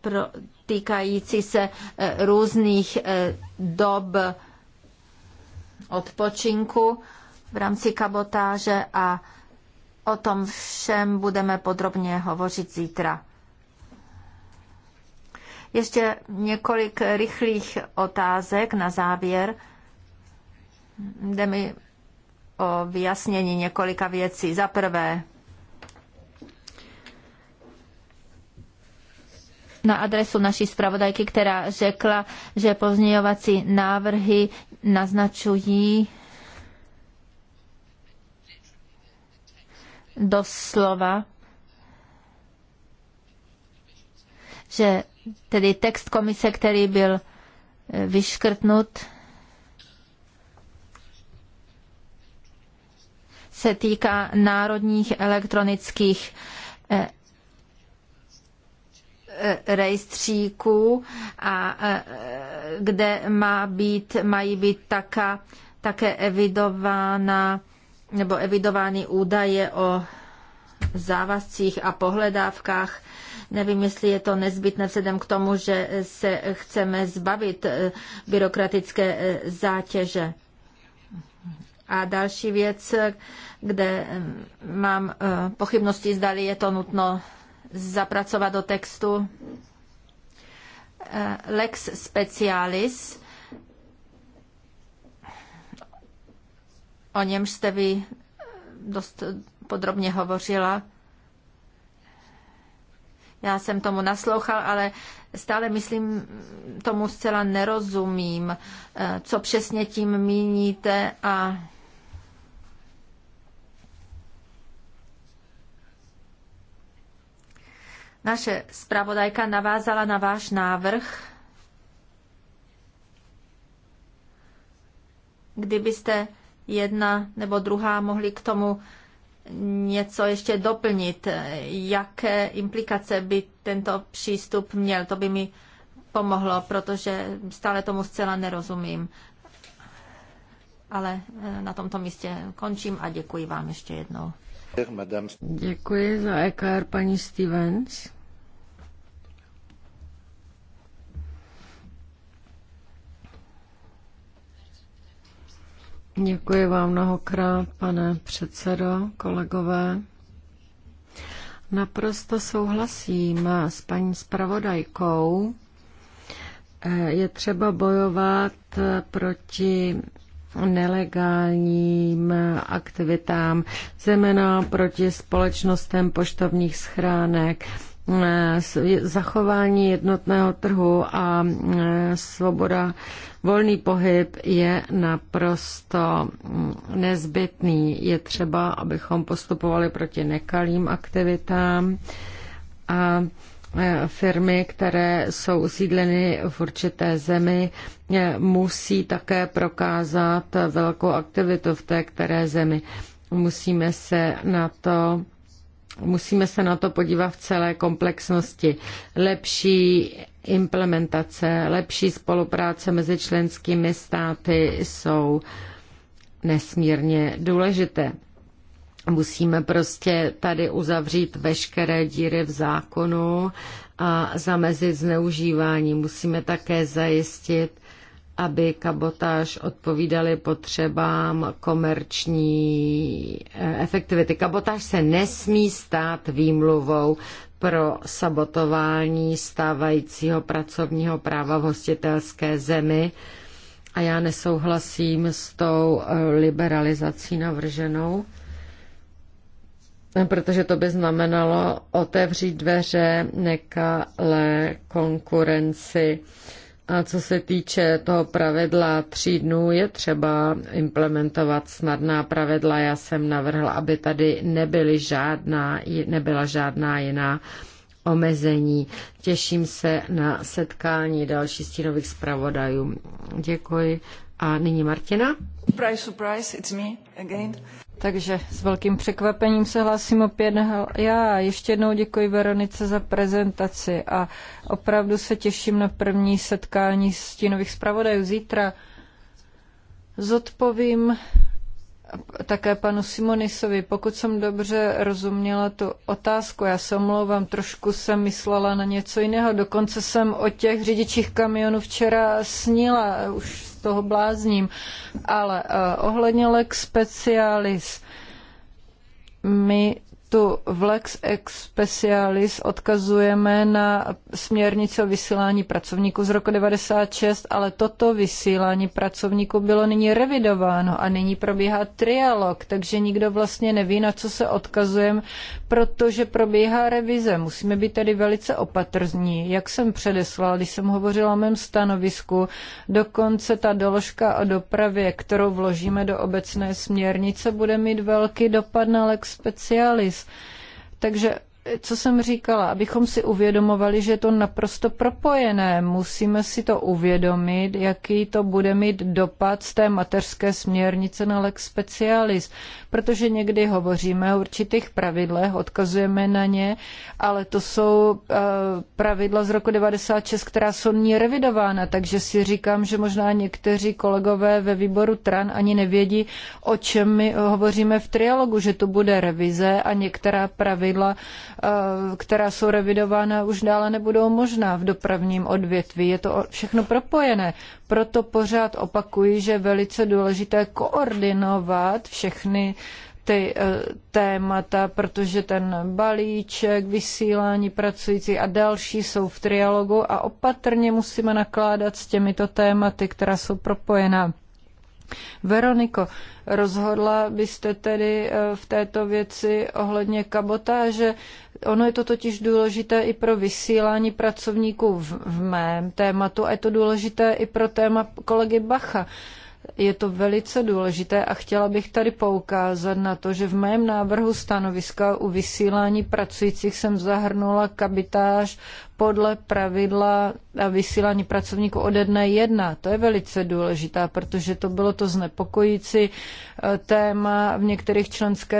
pro týkající se eh, různých eh, dob odpočinku v rámci kabotáže a o tom všem budeme podrobně hovořit zítra. Ještě několik rychlých otázek na závěr. Jde mi o vyjasnění několika věcí. Za prvé, na adresu naší zpravodajky, která řekla, že pozměňovací návrhy naznačují doslova, že tedy text komise, který byl vyškrtnut, se týká národních elektronických eh, eh, rejstříků a eh, kde má být, mají být taka, také evidována nebo evidovány údaje o závazcích a pohledávkách. Nevím, jestli je to nezbytné vzhledem k tomu, že se chceme zbavit byrokratické zátěže. A další věc, kde mám eh, pochybnosti, zdali je to nutno zapracovat do textu. Eh, Lex specialis, o němž jste vy eh, dost podrobně hovořila. Já jsem tomu naslouchal, ale stále myslím, tomu zcela nerozumím, co přesně tím míníte a Naše zpravodajka navázala na váš návrh, kdybyste jedna nebo druhá mohli k tomu něco ještě doplnit, jaké implikace by tento přístup měl, to by mi pomohlo, protože stále tomu zcela nerozumím. Ale eh, na tomto místě končím a děkuji vám ještě jednou. Děkuji za EKR paní Stevens. Děkuji vám mnohokrát, pane předsedo, kolegové. Naprosto souhlasím s paní zpravodajkou. Je třeba bojovat proti nelegálním aktivitám, zejména proti společnostem poštovních schránek, eh, zachování jednotného trhu a eh, svoboda, volný pohyb je naprosto mm, nezbytný. Je třeba, abychom postupovali proti nekalým aktivitám a Eh, firmy, které jsou usídleny v určité zemi, eh, musí také prokázat velkou aktivitu v té které zemi. Musíme se na to musíme se na to podívat v celé komplexnosti. Lepší implementace, lepší spolupráce mezi členskými státy jsou nesmírně důležité. Musíme prostě tady uzavřít veškeré díry v zákonu a zamezit zneužívání. Musíme také zajistit, aby kabotáž odpovídaly potřebám komerční eh, efektivity. Kabotáž se nesmí stát výmluvou pro sabotování stávajícího pracovního práva v hostitelské zemi. A já nesouhlasím s tou eh, liberalizací navrženou protože to by znamenalo otevřít dveře nekalé konkurenci. A co se týče toho pravidla tří dnů, je třeba implementovat snadná pravidla. Já jsem navrhl, aby tady nebyly žádná, nebyla žádná jiná omezení. Těším se na setkání dalších stínových zpravodajů. Děkuji. A nyní Martina. Surprise, surprise, it's me again. Takže s velkým překvapením se hlásím opět. Já ještě jednou děkuji Veronice za prezentaci a opravdu se těším na první setkání stínových zpravodajů zítra. Zodpovím také panu Simonisovi. Pokud jsem dobře rozuměla tu otázku, já se omlouvám, trošku jsem myslela na něco jiného. Dokonce jsem o těch řidičích kamionů včera snila, už z toho blázním. Ale uh, ohledně lex specialis, my textu v Lex ex specialis odkazujeme na směrnici o vysílání pracovníků z roku 96, ale toto vysílání pracovníků bylo nyní revidováno a nyní probíhá trialog, takže nikdo vlastně neví, na co se odkazujeme, protože probíhá revize. Musíme být tedy velice opatrní. Jak jsem předeslal, když jsem hovořila o mém stanovisku, dokonce ta doložka o dopravě, kterou vložíme do obecné směrnice, bude mít velký dopad na lex specialis. Takže co jsem říkala, abychom si uvědomovali, že je to naprosto propojené. Musíme si to uvědomit, jaký to bude mít dopad z té mateřské směrnice na lex specialis. Protože někdy hovoříme o určitých pravidlech, odkazujeme na ně, ale to jsou eh, pravidla z roku 96, která jsou ní revidována. Takže si říkám, že možná někteří kolegové ve výboru TRAN ani nevědí, o čem my hovoříme v trialogu, že to bude revize a některá pravidla Eh, která jsou revidována, už dále nebudou možná v dopravním odvětví. Je to všechno propojené. Proto pořád opakuji, že je velice důležité koordinovat všechny ty eh, témata, protože ten balíček, vysílání pracující a další jsou v trialogu a opatrně musíme nakládat s těmito tématy, která jsou propojená. Veroniko, rozhodla byste tedy eh, v této věci ohledně kabotáže, Ono je to totiž důležité i pro vysílání pracovníků v, v mém tématu a je to důležité i pro téma kolegy Bacha. Je to velice důležité a chtěla bych tady poukázat na to, že v mém návrhu stanoviska u vysílání pracujících jsem zahrnula kabitáž podle pravidla a vysílání pracovníků ode dne jedna. To je velice důležitá, protože to bylo to znepokojící eh, téma v některých členských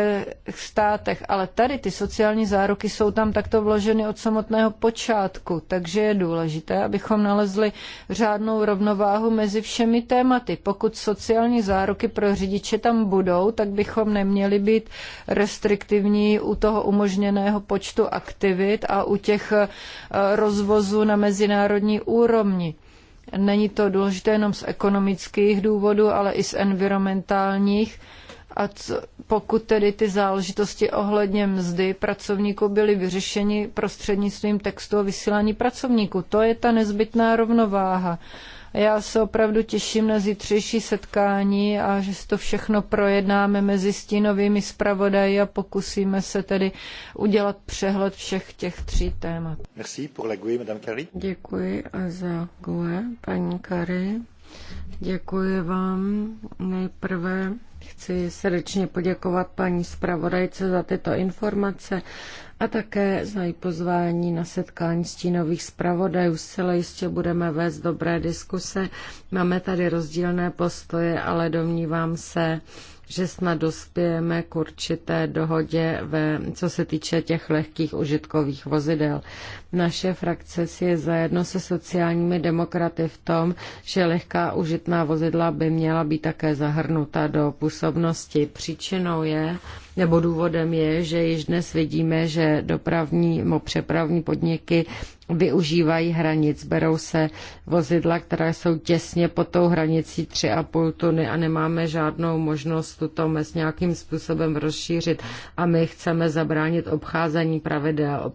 státech. Ale tady ty sociální záruky jsou tam takto vloženy od samotného počátku, takže je důležité, abychom nalezli řádnou rovnováhu mezi všemi tématy. Pokud sociální záruky pro řidiče tam budou, tak bychom neměli být restriktivní u toho umožněného počtu aktivit a u těch eh, rozvozu na mezinárodní úrovni. Není to důležité jenom z ekonomických důvodů, ale i z environmentálních. A co, pokud tedy ty záležitosti ohledně mzdy pracovníků byly vyřešeny prostřednictvím textu o vysílání pracovníků, to je ta nezbytná rovnováha. Já se opravdu těším na zítřejší setkání a že si to všechno projednáme mezi stínovými zpravodaji a pokusíme se tedy udělat přehled všech těch tří témat. Merci pour la GUE, Madame Kari. Děkuji a za GUE, paní Kari. Děkuji vám nejprve Chci srdečně poděkovat paní zpravodajce za tyto informace a také za její pozvání na setkání stínových zpravodajů. Zcela jistě budeme vést dobré diskuse. Máme tady rozdílné postoje, ale domnívám se, že snad dospějeme k určité dohodě, ve, co se týče těch lehkých užitkových vozidel. Naše frakce si je zajedno se sociálními demokraty v tom, že lehká užitná vozidla by měla být také zahrnuta do působnosti. Příčinou je, nebo důvodem je, že již dnes vidíme, že dopravní, přepravní podniky využívají hranic, berou se vozidla, která jsou těsně pod tou hranicí 3,5 tuny a nemáme žádnou možnost tuto mez nějakým způsobem rozšířit a my chceme zabránit obcházení pravidel,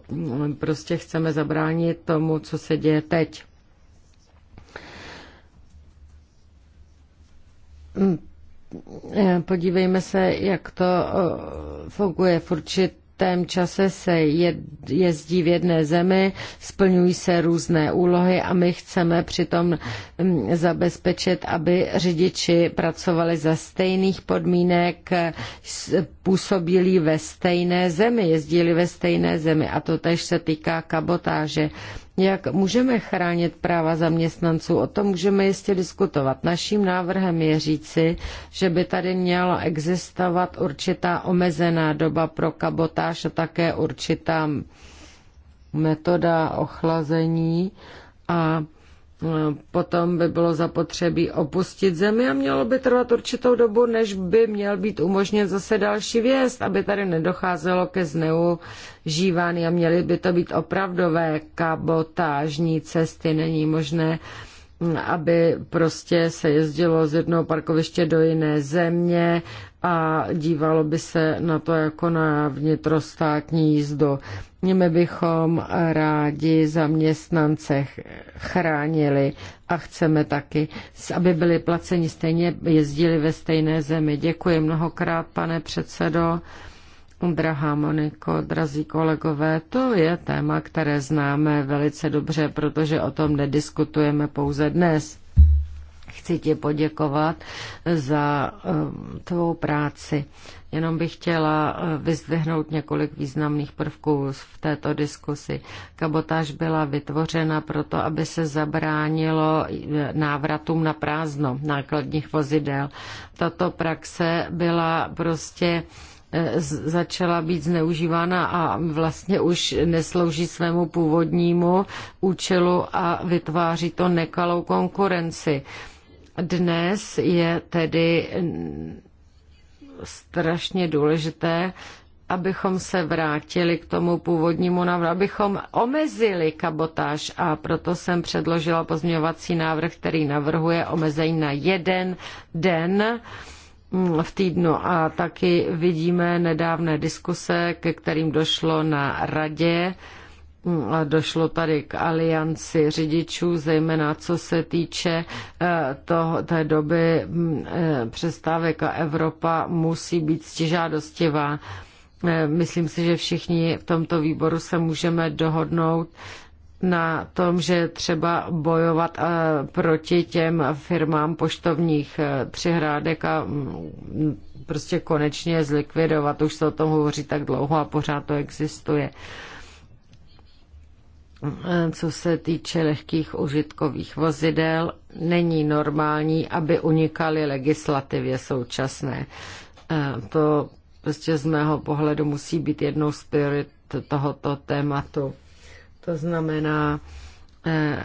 prostě chceme zabránit tomu, co se děje teď. Hm. Podívejme se, jak to eh, funguje v určit určitém čase se jezdí v jedné zemi, splňují se různé úlohy a my chceme přitom mm, zabezpečit, aby řidiči pracovali za stejných podmínek, působili ve stejné zemi, jezdili ve stejné zemi a to tež se týká kabotáže. Jak můžeme chránit práva zaměstnanců? O tom můžeme jistě diskutovat. Naším návrhem je říci, že by tady měla existovat určitá omezená doba pro kabotáž a také určitá metoda ochlazení a potom by bylo zapotřebí opustit zemi a mělo by trvat určitou dobu, než by měl být umožněn zase další věst, aby tady nedocházelo ke zneužívání a měly by to být opravdové kabotážní cesty. Není možné, mm, aby prostě se jezdilo z jednoho parkoviště do jiné země a dívalo by se na to jako na vnitrostátní jízdu. My bychom rádi zaměstnance chránili a chceme taky, aby byli placeni stejně, jezdili ve stejné zemi. Děkuji mnohokrát, pane předsedo. Drahá Moniko, drazí kolegové, to je téma, které známe velice dobře, protože o tom nediskutujeme pouze dnes. Chci ti poděkovat za um, tvou práci. Jenom bych chtěla uh, vyzdvihnout několik významných prvků v této diskusi. Kabotáž byla vytvořena proto, aby se zabránilo eh, návratům na prázdno nákladních vozidel. Tato praxe byla prostě eh, začala být zneužívána a vlastně už neslouží svému původnímu účelu a vytváří to nekalou konkurenci. Dnes je tedy strašně důležité, abychom se vrátili k tomu původnímu návrhu, abychom omezili kabotáž a proto jsem předložila pozměňovací návrh, který navrhuje omezení na jeden den v týdnu a taky vidíme nedávné diskuse, ke kterým došlo na radě došlo tady k alianci řidičů, zejména co se týče eh, toho, té doby mm, eh, přestávek a Evropa musí být stěžádostivá. Eh, myslím si, že všichni v tomto výboru se můžeme dohodnout na tom, že třeba bojovat proti těm firmám poštovních přihrádek a mm, prostě konečně zlikvidovat. Už se o tom hovoří tak dlouho a pořád to existuje. Mm, co se týče lehkých užitkových vozidel, není normální, aby unikali legislativě současné. Eh, to prostě z mého pohledu musí být jednou z priorit tohoto tématu. To znamená, eh,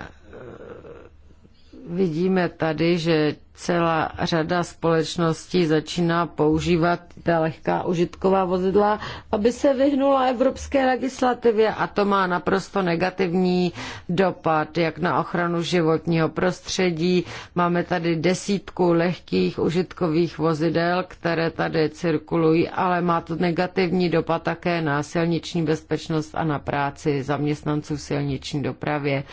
vidíme tady, že celá řada společností začíná používat ta lehká užitková vozidla, aby se vyhnula evropské legislativě a to má naprosto negativní dopad, jak na ochranu životního prostředí. Máme tady desítku lehkých užitkových vozidel, které tady cirkulují, ale má to negativní dopad také na silniční bezpečnost a na práci zaměstnanců v silniční dopravě,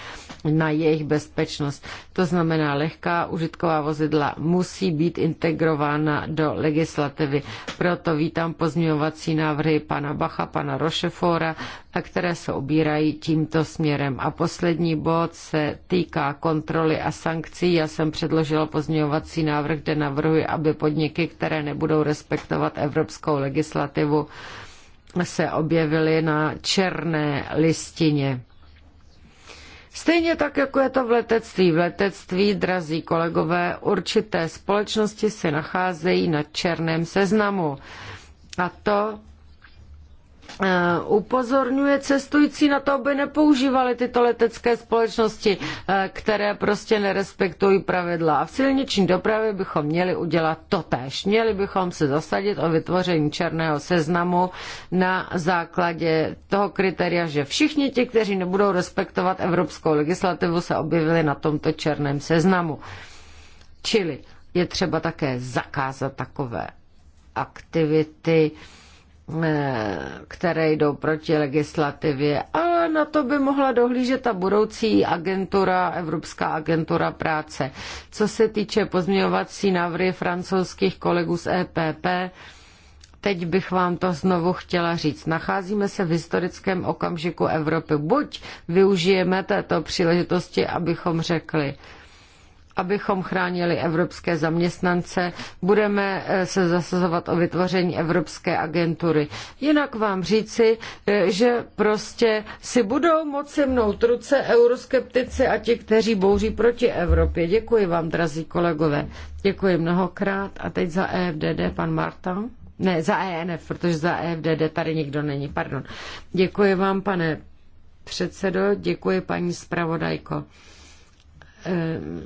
na jejich bezpečnost. To znamená lehká užitková vozidla pravidla musí být integrována do legislativy. Proto vítám pozměňovací návrhy pana Bacha, pana Rošefora, které se obírají tímto směrem. A poslední bod se týká kontroly a sankcí. Já jsem předložila pozměňovací návrh, kde navrhuji, aby podniky, které nebudou respektovat evropskou legislativu, se objevily na černé listině Stejně tak, jako je to v letectví. V letectví, drazí kolegové, určité společnosti se nacházejí na černém seznamu. A to Eh, upozorňuje cestující na to, aby nepoužívali tyto letecké společnosti, eh, které prostě nerespektují pravidla. A v silniční dopravě bychom měli udělat totéž. Měli bychom se zasadit o vytvoření černého seznamu na základě toho kritéria, že všichni ti, kteří nebudou respektovat evropskou legislativu, se objevili na tomto černém seznamu. Čili je třeba také zakázat takové aktivity, Eh, které jdou proti legislativě, ale na to by mohla dohlížet ta budoucí agentura, Evropská agentura práce. Co se týče pozměňovací návrhy francouzských kolegů z EPP, teď bych vám to znovu chtěla říct. Nacházíme se v historickém okamžiku Evropy. Buď využijeme této příležitosti, abychom řekli, abychom chránili evropské zaměstnance, budeme eh, se zasazovat o vytvoření Evropské agentury. Jinak vám říci, eh, že prostě si budou moci mnout ruce euroskeptici a ti, kteří bouří proti Evropě. Děkuji vám, drazí kolegové. Děkuji mnohokrát. A teď za EFDD pan Marta. Ne, za ENF, protože za EFDD tady nikdo není, pardon. Děkuji vám, pane předsedo, děkuji paní zpravodajko. Ehm,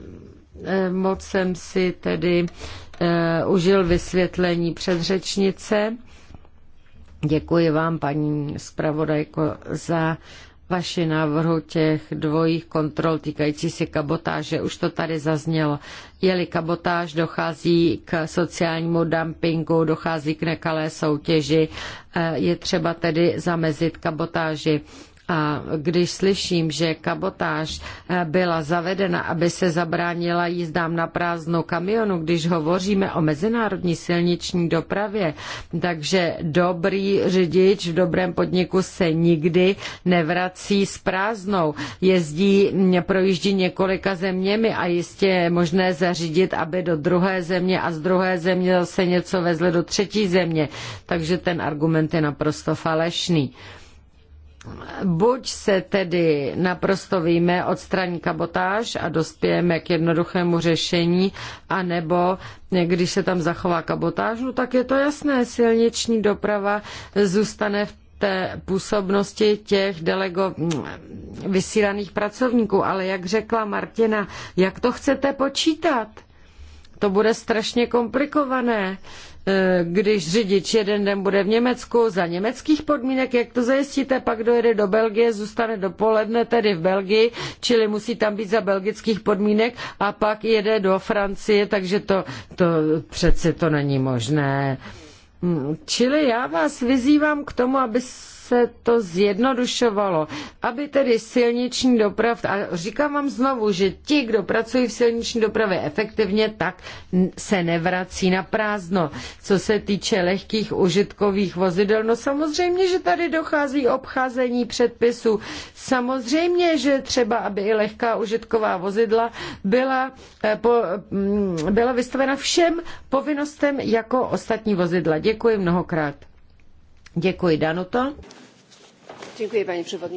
Eh, moc jsem si tedy eh, užil vysvětlení předřečnice. Děkuji vám, paní zpravodajko, za vaši návrhu těch dvojích kontrol týkající se kabotáže. Už to tady zaznělo. Jeli kabotáž, dochází k sociálnímu dumpingu, dochází k nekalé soutěži. Eh, je třeba tedy zamezit kabotáži. A když slyším, že kabotáž eh, byla zavedena, aby se zabránila jízdám na prázdnou kamionu, když hovoříme o mezinárodní silniční dopravě, takže dobrý řidič v dobrém podniku se nikdy nevrací s prázdnou. Jezdí, mm, projíždí několika zeměmi a jistě je možné zařídit, aby do druhé země a z druhé země zase něco vezli do třetí země. Takže ten argument je naprosto falešný. Buď se tedy naprosto víme odstraní kabotáž a dospějeme k jednoduchému řešení, anebo když se tam zachová kabotáž, no tak je to jasné, silniční doprava zůstane v té působnosti těch delego mm, vysílaných pracovníků. Ale jak řekla Martina, jak to chcete počítat? To bude strašně komplikované. Eh, když řidič jeden den bude v Německu za německých podmínek, jak to zajistíte, pak dojede do Belgie, zůstane dopoledne tedy v Belgii, čili musí tam být za belgických podmínek a pak jede do Francie, takže to, to přeci to není možné. Hm, čili já vás vyzývám k tomu, aby se to zjednodušovalo, aby tedy silniční doprav, a říkám vám znovu, že ti, kdo pracují v silniční dopravě efektivně, tak se nevrací na prázdno. Co se týče lehkých užitkových vozidel, no samozřejmě, že tady dochází obcházení předpisů. Samozřejmě, že třeba, aby i lehká užitková vozidla byla, eh, po, mm, byla vystavena všem povinnostem jako ostatní vozidla. Děkuji mnohokrát. Děkuji, Danuto. Děkuji, Chtěla...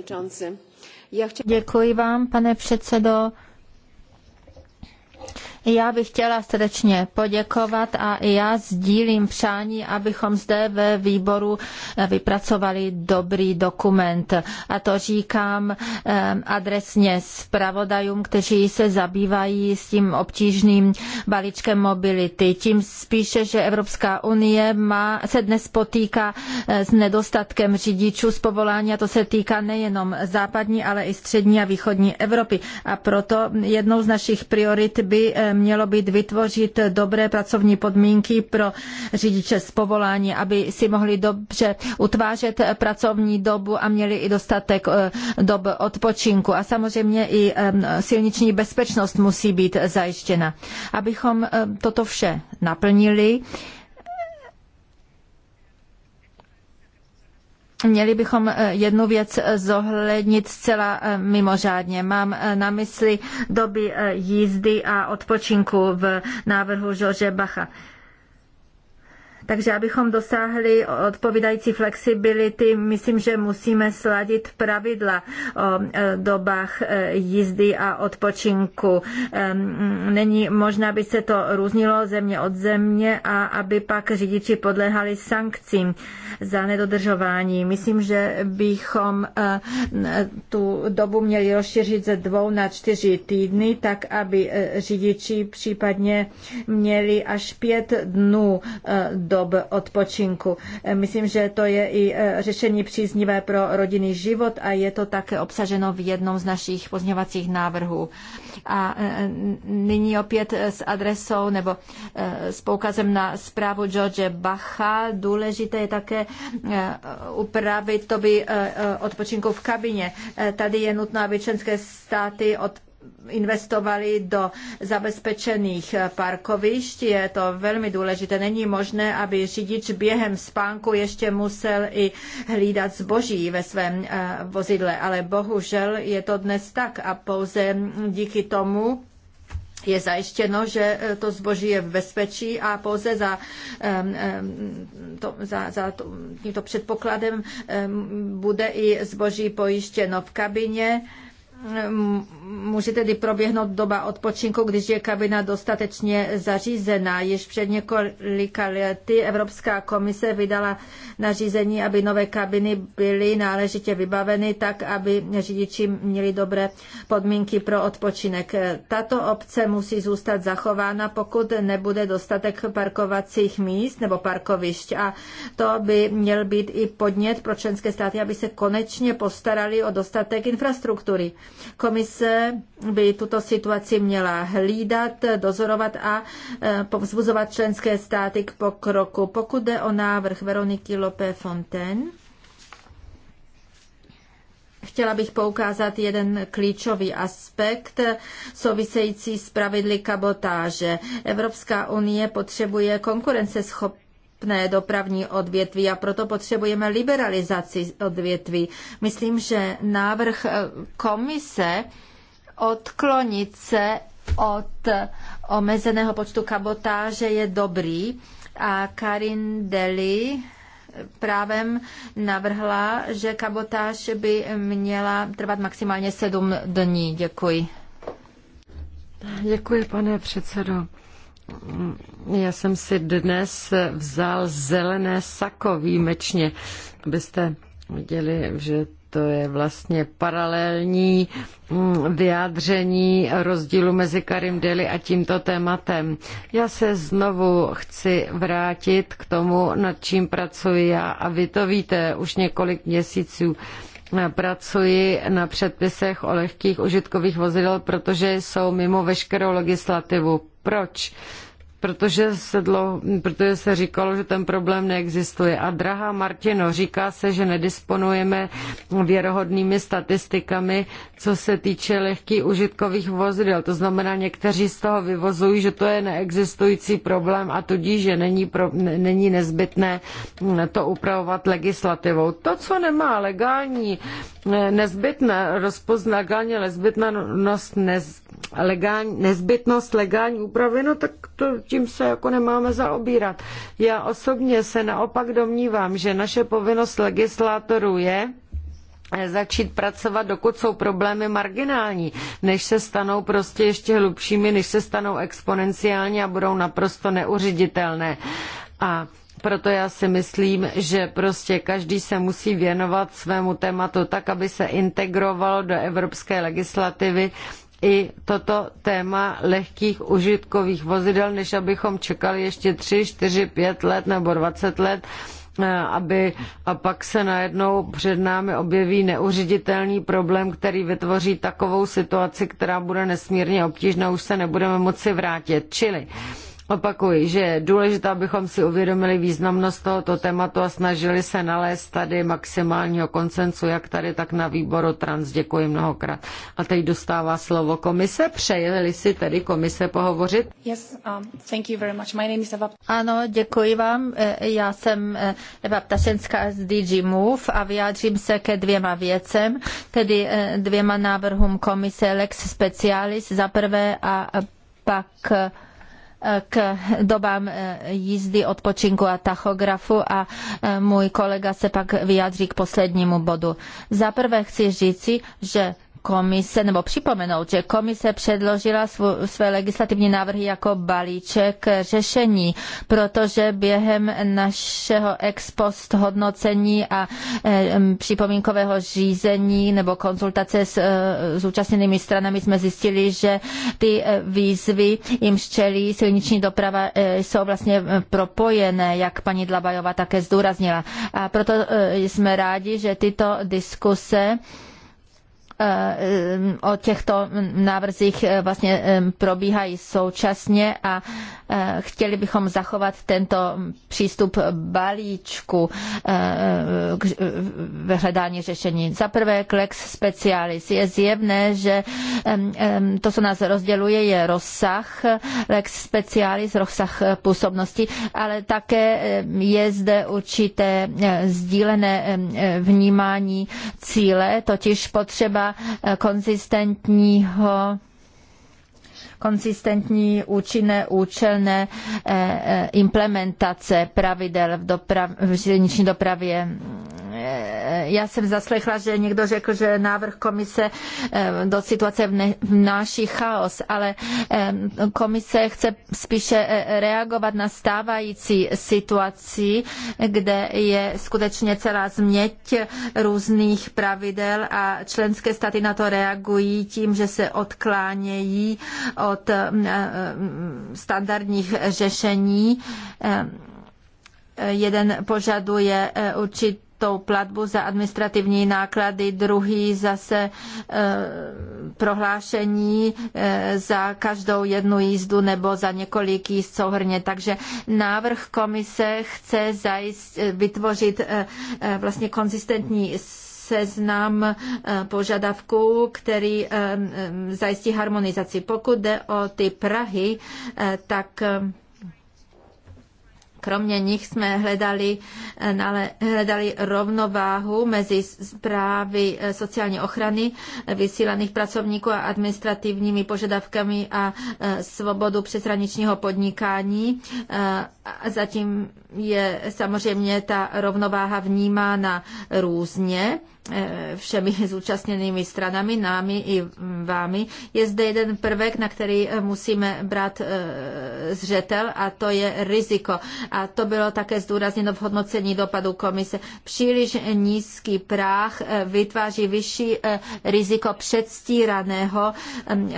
Děkuji vám, pane předsedo. Já bych chtěla srdečně poděkovat a i já sdílím přání, abychom zde ve výboru eh, vypracovali dobrý dokument. A to říkám eh, adresně zpravodajům, kteří se zabývají s tím obtížným balíčkem mobility. Tím spíše, že Evropská unie má, se dnes potýká eh, s nedostatkem řidičů z povolání a to se týká nejenom západní, ale i střední a východní Evropy. A proto jednou z našich priorit by mělo být vytvořit dobré pracovní podmínky pro řidiče z povolání, aby si mohli dobře utvářet pracovní dobu a měli i dostatek eh, dob odpočinku. A samozřejmě i silniční bezpečnost musí být zajištěna. Abychom toto vše naplnili, Měli bychom eh, jednu věc eh, zohlednit zcela eh, mimořádně. Mám na mysli doby jízdy a odpočinku v návrhu Žorže Bacha. Takže abychom dosáhli odpovídající flexibility, myslím, že musíme sladit pravidla o dobách jízdy a odpočinku. Není možné, aby se to různilo země od země a aby pak řidiči podléhali sankcím za nedodržování. Myslím, že bychom eh, tu dobu měli rozšířit ze dvou na čtyři týdny, tak aby eh, řidiči případně měli až pět dnů eh, dob odpočinku. Myslím, že to je i řešení příznivé pro rodinný život a je to také obsaženo v jednom z našich pozměňovacích návrhů. A e, e, nyní opět e, s adresou nebo s poukazem na zprávu George Bacha. Důležité je také upravit to by odpočinku v kabině. Tady je nutno, aby členské státy od investovali do zabezpečených parkovišť. Je to velmi důležité. Není možné, aby řidič během spánku ještě musel i hlídat zboží ve svém eh, vozidle, ale bohužel je to dnes tak a pouze díky tomu je zajištěno, že eh, to zboží je v bezpečí a pouze za, eh, to, za, za to, tímto předpokladem bude i zboží pojištěno v kabině Může tedy proběhnout doba odpočinku, když je kabina dostatečně zařízená. Již před několika lety Evropská komise vydala nařízení, aby nové kabiny byly náležitě vybaveny tak, aby řidiči měli dobré podmínky pro odpočinek. Tato obce musí zůstat zachována, pokud nebude dostatek parkovacích míst nebo parkovišť. A to by měl být i podnět pro členské státy, aby se konečně postarali o dostatek infrastruktury. Komise by tuto situaci měla hlídat, dozorovat a e, povzbuzovat členské státy k pokroku. Pokud jde o návrh Veroniky Lope Fontaine, Chtěla bych poukázat jeden klíčový aspekt související s pravidly kabotáže. Evropská unie potřebuje konkurenceschopnost dostupné dopravní odvětví a proto potřebujeme liberalizaci odvětví. Myslím, že návrh eh, komise odklonit se od omezeného počtu kabotáže je dobrý a Karin Deli eh, právem navrhla, že kabotáž by měla trvat maximálně sedm dní. Děkuji. Děkuji, pane předsedo. Já jsem si dnes vzal zelené sako výjimečně, abyste viděli, že to je vlastně paralelní mm, vyjádření rozdílu mezi Karim Deli a tímto tématem. Já se znovu chci vrátit k tomu, nad čím pracuji já a vy to víte už několik měsíců pracuji na předpisech o lehkých užitkových vozidel, protože jsou mimo veškerou legislativu. Proč? protože se, dlo protože se říkalo, že ten problém neexistuje. A drahá Martino, říká se, že nedisponujeme věrohodnými statistikami, co se týče lehkých užitkových vozidel. To znamená, někteří z toho vyvozují, že to je neexistující problém a tudíž, že není, pro, není nezbytné to upravovat legislativou. To, co nemá legální nezbytné rozpoznagání nezbytnost, nez, legální, nezbytnost legální úpravy, no tak to tím se jako nemáme zaobírat. Já osobně se naopak domnívám, že naše povinnost legislátorů je, začít pracovat, dokud jsou problémy marginální, než se stanou prostě ještě hlubšími, než se stanou exponenciálně a budou naprosto neuřiditelné. A proto já si myslím, že prostě každý se musí věnovat svému tématu tak, aby se integroval do evropské legislativy i toto téma lehkých užitkových vozidel, než abychom čekali ještě 3, 4, 5 let nebo 20 let, eh, aby a pak se najednou před námi objeví neuřiditelný problém, který vytvoří takovou situaci, která bude nesmírně obtížná, už se nebudeme moci vrátit. Čili Opakuji, že je důležité, abychom si uvědomili významnost tohoto tématu a snažili se nalézt tady maximálního konsensu, jak tady, tak na výboru trans. Děkuji mnohokrát. A teď dostává slovo komise. Přejeli si tedy komise pohovořit? Yes, um, thank you very much. My name is Eva. Ano, děkuji vám. E, já jsem e, Eva Ptašenská z DG Move a vyjádřím se ke dvěma věcem, tedy e, dvěma návrhům komise Lex Specialis za prvé a pak k dobám eh, jízdy, odpočinku a tachografu a eh, můj kolega se pak vyjádří k poslednímu bodu. Za prvé chci říci, že komise, nebo připomenout, že komise předložila své legislativní návrhy jako balíček řešení, protože během našeho ex post hodnocení a připomínkového řízení nebo konzultace s eh, zúčastněnými stranami jsme zjistili, že ty eh, výzvy jim čelí silniční doprava eh, jsou vlastně propojené, jak paní Dlabajová také zdůraznila. A proto jsme rádi, že tyto diskuse Eh, o těchto návrzích eh, vlastně eh, probíhají současně a chtěli bychom zachovat tento přístup balíčku ve hledání řešení. Za prvé k lex specialis. Je zjevné, že to, co nás rozděluje, je rozsah lex specialis, rozsah působnosti, ale také je zde určité sdílené vnímání cíle, totiž potřeba konzistentního konzistentní, účinné, účelné eh, eh, implementace pravidel v, doprav, v železniční dopravě. Eh, já jsem zaslechla, že někdo řekl, že návrh komise do situace vnáší chaos, ale komise chce spíše reagovat na stávající situaci, kde je skutečně celá změť různých pravidel a členské státy na to reagují tím, že se odklánějí od eh, eh, standardních řešení. Eh, jeden požaduje určitou platbu za administrativní náklady, druhý zase prohlášení za každou jednu jízdu nebo za několik jízd souhrně. Takže návrh komise chce zajist, vytvořit vlastně konzistentní seznam eh, požadavků, který eh, zajistí harmonizaci. Pokud jde o ty Prahy, eh, tak Kromě nich jsme hledali, hledali rovnováhu mezi zprávy sociální ochrany vysílaných pracovníků a administrativními požadavkami a svobodu přeshraničního podnikání. Zatím je samozřejmě ta rovnováha vnímána různě všemi zúčastněnými stranami, námi i vámi, je zde jeden prvek, na který eh, musíme brát eh, zřetel a to je riziko. A to bylo také zdůrazněno v hodnocení dopadu komise. Příliš nízký práh eh, vytváří vyšší riziko předstíraného mm,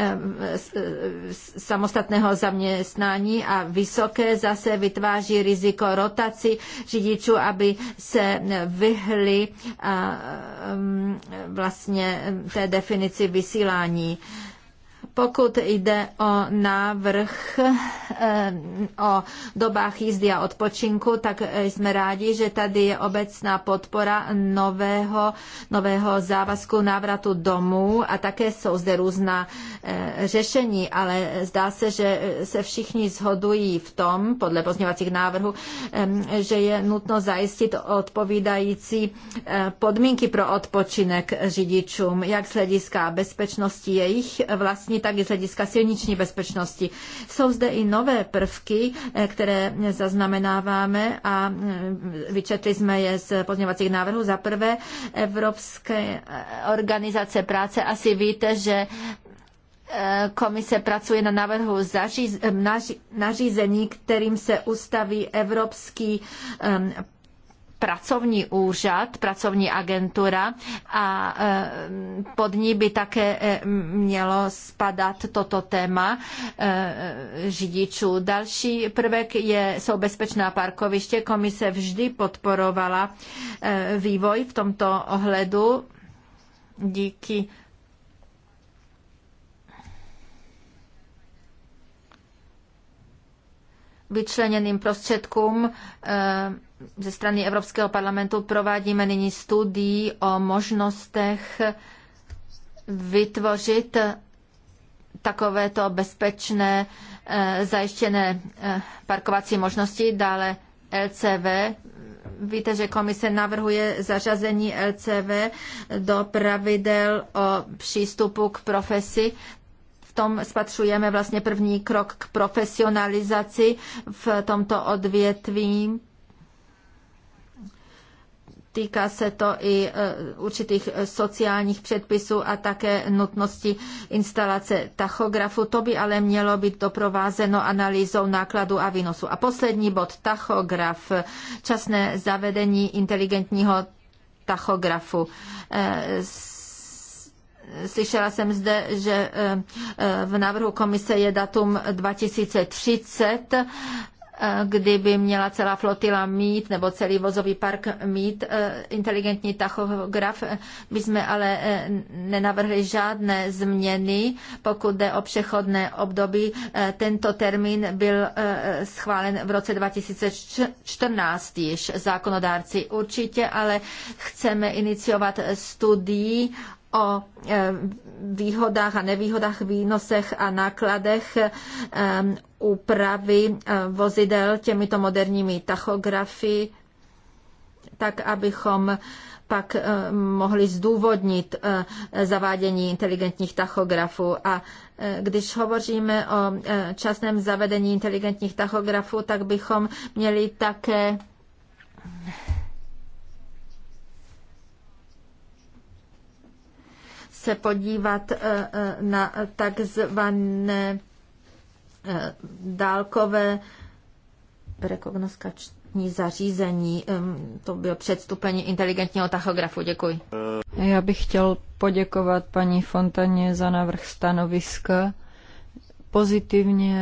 samostatného zaměstnání a vysoké zase vytváří riziko rotaci řidičů, aby se vyhli Um, vlastně té definici vysílání. Pokud jde o návrh eh, o dobách jízdy a odpočinku, tak eh, jsme rádi, že tady je obecná podpora nového, nového závazku návratu domů a také jsou zde různá eh, řešení, ale zdá se, že se všichni shodují v tom, podle pozměňovacích návrhů, že je nutno zajistit odpovídající podmínky pro odpočinek řidičům, jak z hlediska bezpečnosti jejich vlastní, tak tak i z hlediska silniční bezpečnosti. Jsou zde i nové prvky, eh, které zaznamenáváme a eh, vyčetli jsme je z pozměňovacích návrhů. Za prvé, Evropské eh, organizace práce asi víte, že komise pracuje na návrhu nařízení, kterým se ustaví Evropský pracovní úřad, pracovní agentura a e, pod ní by také e, mělo spadat toto téma e, řidičů. Další prvek je, jsou bezpečná parkoviště. Komise vždy podporovala vývoj v tomto ohledu díky vyčleněným prostředkům ze strany Evropského parlamentu provádíme nyní studii o možnostech vytvořit takovéto bezpečné eh, zajištěné eh, parkovací možnosti, dále LCV. Víte, že komise navrhuje zařazení LCV do pravidel o přístupu k profesi. V tom spatřujeme vlastně první krok k profesionalizaci v tomto odvětví Týká se to i e, určitých e, sociálních předpisů a také nutnosti instalace tachografu. To by ale mělo být doprovázeno analýzou nákladu a výnosu. A poslední bod, tachograf, časné zavedení inteligentního tachografu e, slyšela jsem zde, že v návrhu komise je datum 2030 Eh, kdyby měla celá flotila mít nebo celý vozový park mít eh, inteligentní tachograf. My jsme ale eh, nenavrhli žádné změny, pokud jde o přechodné období. Tento termín byl schválen v roce 2014 již zákonodárci určitě, ale chceme iniciovat studii o e, výhodách a nevýhodách, výnosech a nákladech e, úpravy e, vozidel těmito moderními tachografy, tak abychom pak mohli zdůvodnit zavádění inteligentních tachografů. A když hovoříme o časném zavedení inteligentních tachografů, tak bychom měli také se podívat eh, eh, na takzvané eh, dálkové rekognoskační zařízení. To bylo předstupení inteligentního tachografu. Děkuji. Já bych chtěl poděkovat paní Fontaně za návrh stanoviska. Pozitivně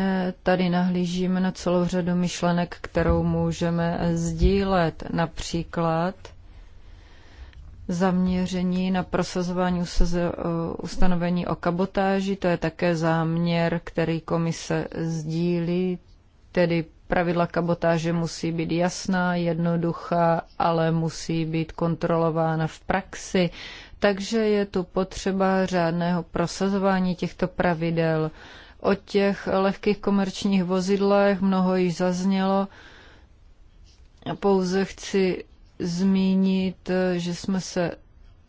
tady nahlížíme na celou řadu myšlenek, kterou můžeme sdílet. Například zaměření na prosazování ustanovení o kabotáži. To je také záměr, který komise sdílí, tedy pravidla kabotáže musí být jasná, jednoduchá, ale musí být kontrolována v praxi. Takže je tu potřeba řádného prosazování těchto pravidel. O těch lehkých komerčních vozidlech mnoho již zaznělo. Pouze chci zmínit, že jsme se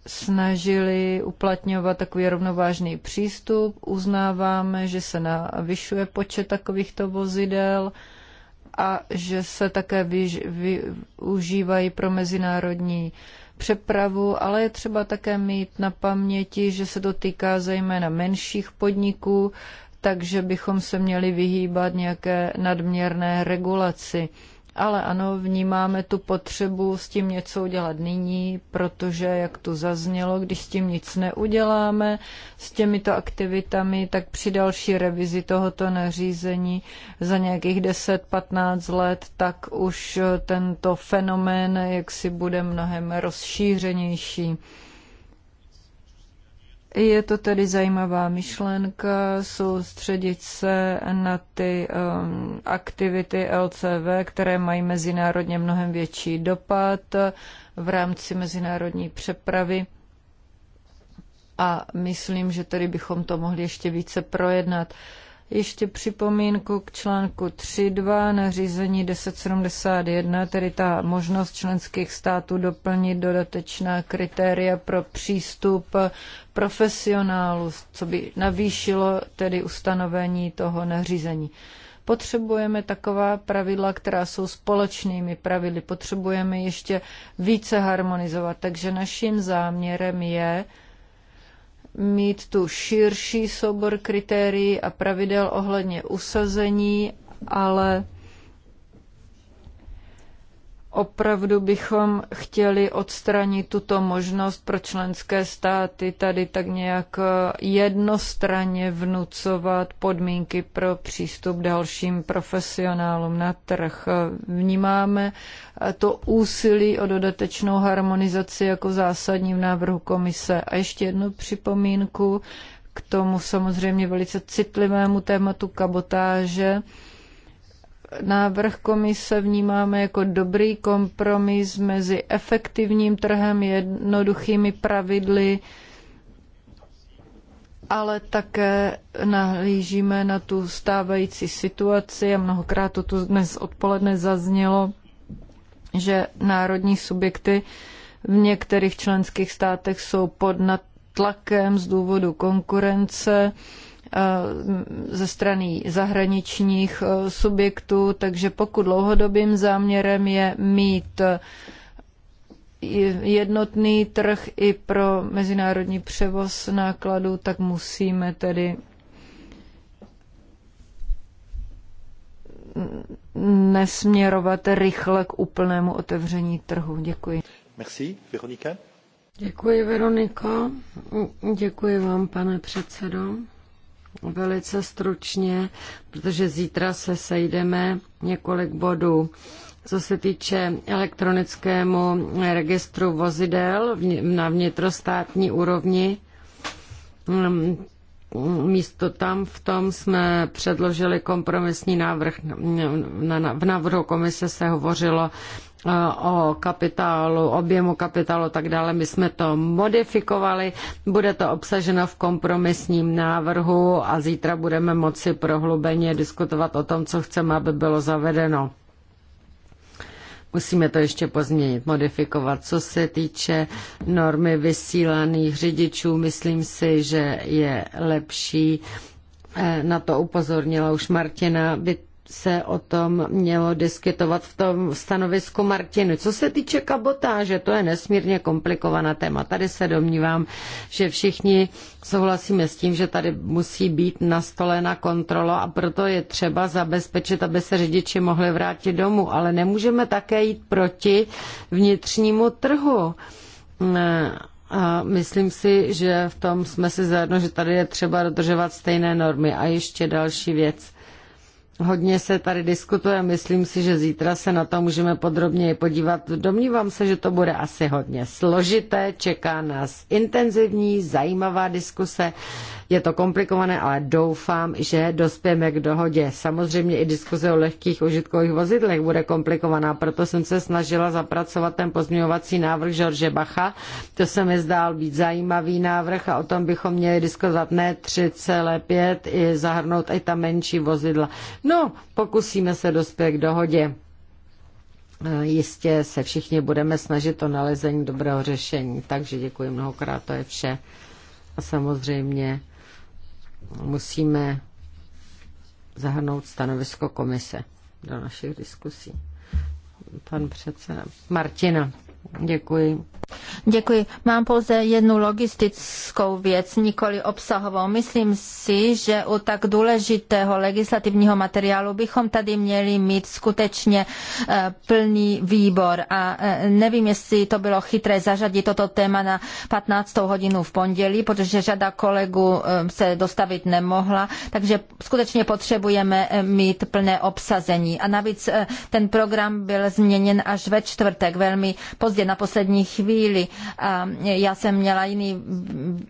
snažili uplatňovat takový rovnovážný přístup. Uznáváme, že se navyšuje počet takovýchto vozidel a že se také využívají pro mezinárodní přepravu, ale je třeba také mít na paměti, že se to týká zejména menších podniků, takže bychom se měli vyhýbat nějaké nadměrné regulaci ale ano, vnímáme tu potřebu s tím něco udělat nyní, protože, jak tu zaznělo, když s tím nic neuděláme, s těmito aktivitami, tak při další revizi tohoto nařízení za nějakých 10-15 let, tak už tento fenomén jak si bude mnohem rozšířenější. Je to tedy zajímavá myšlenka soustředit se na ty um, aktivity LCV, které mají mezinárodně mnohem větší dopad uh, v rámci mezinárodní přepravy. A myslím, že tedy bychom to mohli ještě více projednat. Uh, ještě připomínku k článku 3.2 nařízení 1071, tedy ta možnost členských států doplnit dodatečná kritéria pro přístup profesionálu, co by navýšilo tedy ustanovení toho nařízení. Potřebujeme taková pravidla, která jsou společnými pravidly. Potřebujeme ještě více harmonizovat. Takže naším záměrem je, mít tu širší soubor kritérií a pravidel ohledně usazení, ale opravdu bychom chtěli odstranit tuto možnost pro členské státy tady tak nějak jednostranně vnucovat podmínky pro přístup dalším profesionálům na trh. Vnímáme to úsilí o dodatečnou harmonizaci jako zásadní v návrhu komise. A ještě jednu připomínku k tomu samozřejmě velice citlivému tématu kabotáže návrh komise vnímáme jako dobrý kompromis mezi efektivním trhem, jednoduchými pravidly, ale také nahlížíme na tu stávající situaci a mnohokrát to tu dnes odpoledne zaznělo, že národní subjekty v některých členských státech jsou pod tlakem z důvodu konkurence, Eh, ze strany zahraničních eh, subjektů, takže pokud dlouhodobým záměrem je mít eh, jednotný trh i pro mezinárodní převoz nákladů, tak musíme tedy nesměrovat rychle k úplnému otevření trhu. Děkuji. Merci, Veronika. Děkuji, Veronika. Děkuji vám, pane předsedo velice stručně, protože zítra se sejdeme několik bodů. Co se týče elektronickému registru vozidel na vnitrostátní úrovni, mm, místo tam v tom jsme předložili kompromisní návrh. V návrhu komise se hovořilo o kapitálu, objemu kapitálu a tak dále. My jsme to modifikovali, bude to obsaženo v kompromisním návrhu a zítra budeme moci prohlubeně diskutovat o tom, co chceme, aby bylo zavedeno. Musíme to ještě pozměnit, modifikovat. Co se týče normy vysílaných řidičů, myslím si, že je lepší eh, na to upozornila už Martina, by se o tom mělo diskutovat v tom stanovisku Martiny. Co se týče kabotáže, to je nesmírně komplikovaná téma. Tady se domnívám, že všichni souhlasíme s tím, že tady musí být nastolena kontrola a proto je třeba zabezpečit, aby se řidiči mohli vrátit domů. Ale nemůžeme také jít proti vnitřnímu trhu. A myslím si, že v tom jsme si zajedno, že tady je třeba dodržovat stejné normy. A ještě další věc Hodně se tady diskutuje, myslím si, že zítra se na to můžeme podrobněji podívat. Domnívám se, že to bude asi hodně složité, čeká nás intenzivní, zajímavá diskuse. Je to komplikované, ale doufám, že dospějeme k dohodě. Samozřejmě i diskuze o lehkých užitkových vozidlech bude komplikovaná, proto jsem se snažila zapracovat ten pozměňovací návrh George Bacha. To se mi zdál být zajímavý návrh a o tom bychom měli diskutovat ne 3,5 i zahrnout i ta menší vozidla. No, pokusíme se dospět k dohodě. Jistě se všichni budeme snažit o nalezení dobrého řešení, takže děkuji mnohokrát, to je vše. A samozřejmě musíme zahrnout stanovisko komise do našich diskusí. Pan předseda Martina. Děkuji. Děkuji. Mám pouze jednu logistickou věc, nikoli obsahovou. Myslím si, že u tak důležitého legislativního materiálu bychom tady měli mít skutečně eh, plný výbor. A eh, nevím, jestli to bylo chytré zařadit toto téma na 15. hodinu v pondělí, protože řada kolegů eh, se dostavit nemohla, takže skutečně potřebujeme mít plné obsazení. A navíc ten program byl změněn až ve čtvrtek velmi pozdě pozdě, na poslední chvíli. A já jsem měla, jiný,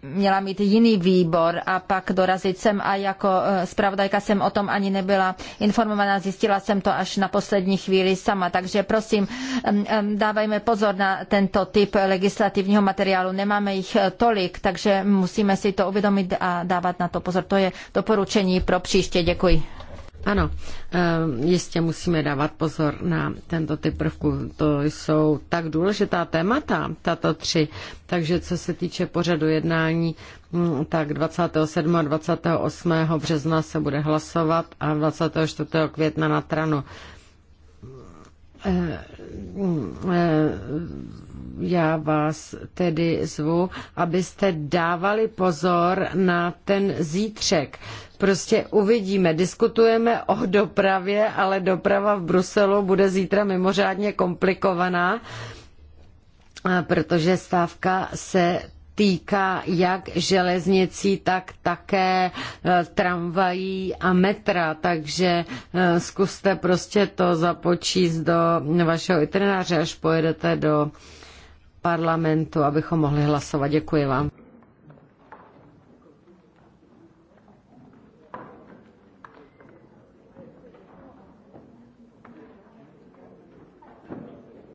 měla mít jiný výbor a pak dorazit sem a jako e, zpravodajka jsem o tom ani nebyla informovaná, zjistila jsem to až na poslední chvíli sama. Takže prosím, dávajme pozor na tento typ legislativního materiálu. Nemáme jich e, tolik, takže musíme si to uvědomit a dávat na to pozor. To je doporučení pro příště. Děkuji. Ano, ehm, jistě musíme dávat pozor na tento typ prvku. To jsou tak důležitá témata, tato tři. Takže co se týče pořadu jednání, hm, tak 27. a 28. března se bude hlasovat a 24. května na Tranu. Ehm, ehm, já vás tedy zvu, abyste dávali pozor na ten zítřek Prostě uvidíme. Diskutujeme o dopravě, ale doprava v Bruselu bude zítra mimořádně komplikovaná, eh, protože stávka se týká jak železnicí, tak také eh, tramvají a metra, takže eh, zkuste prostě to započíst do vašeho itineráře, až pojedete do parlamentu, abychom mohli hlasovat. Děkuji vám.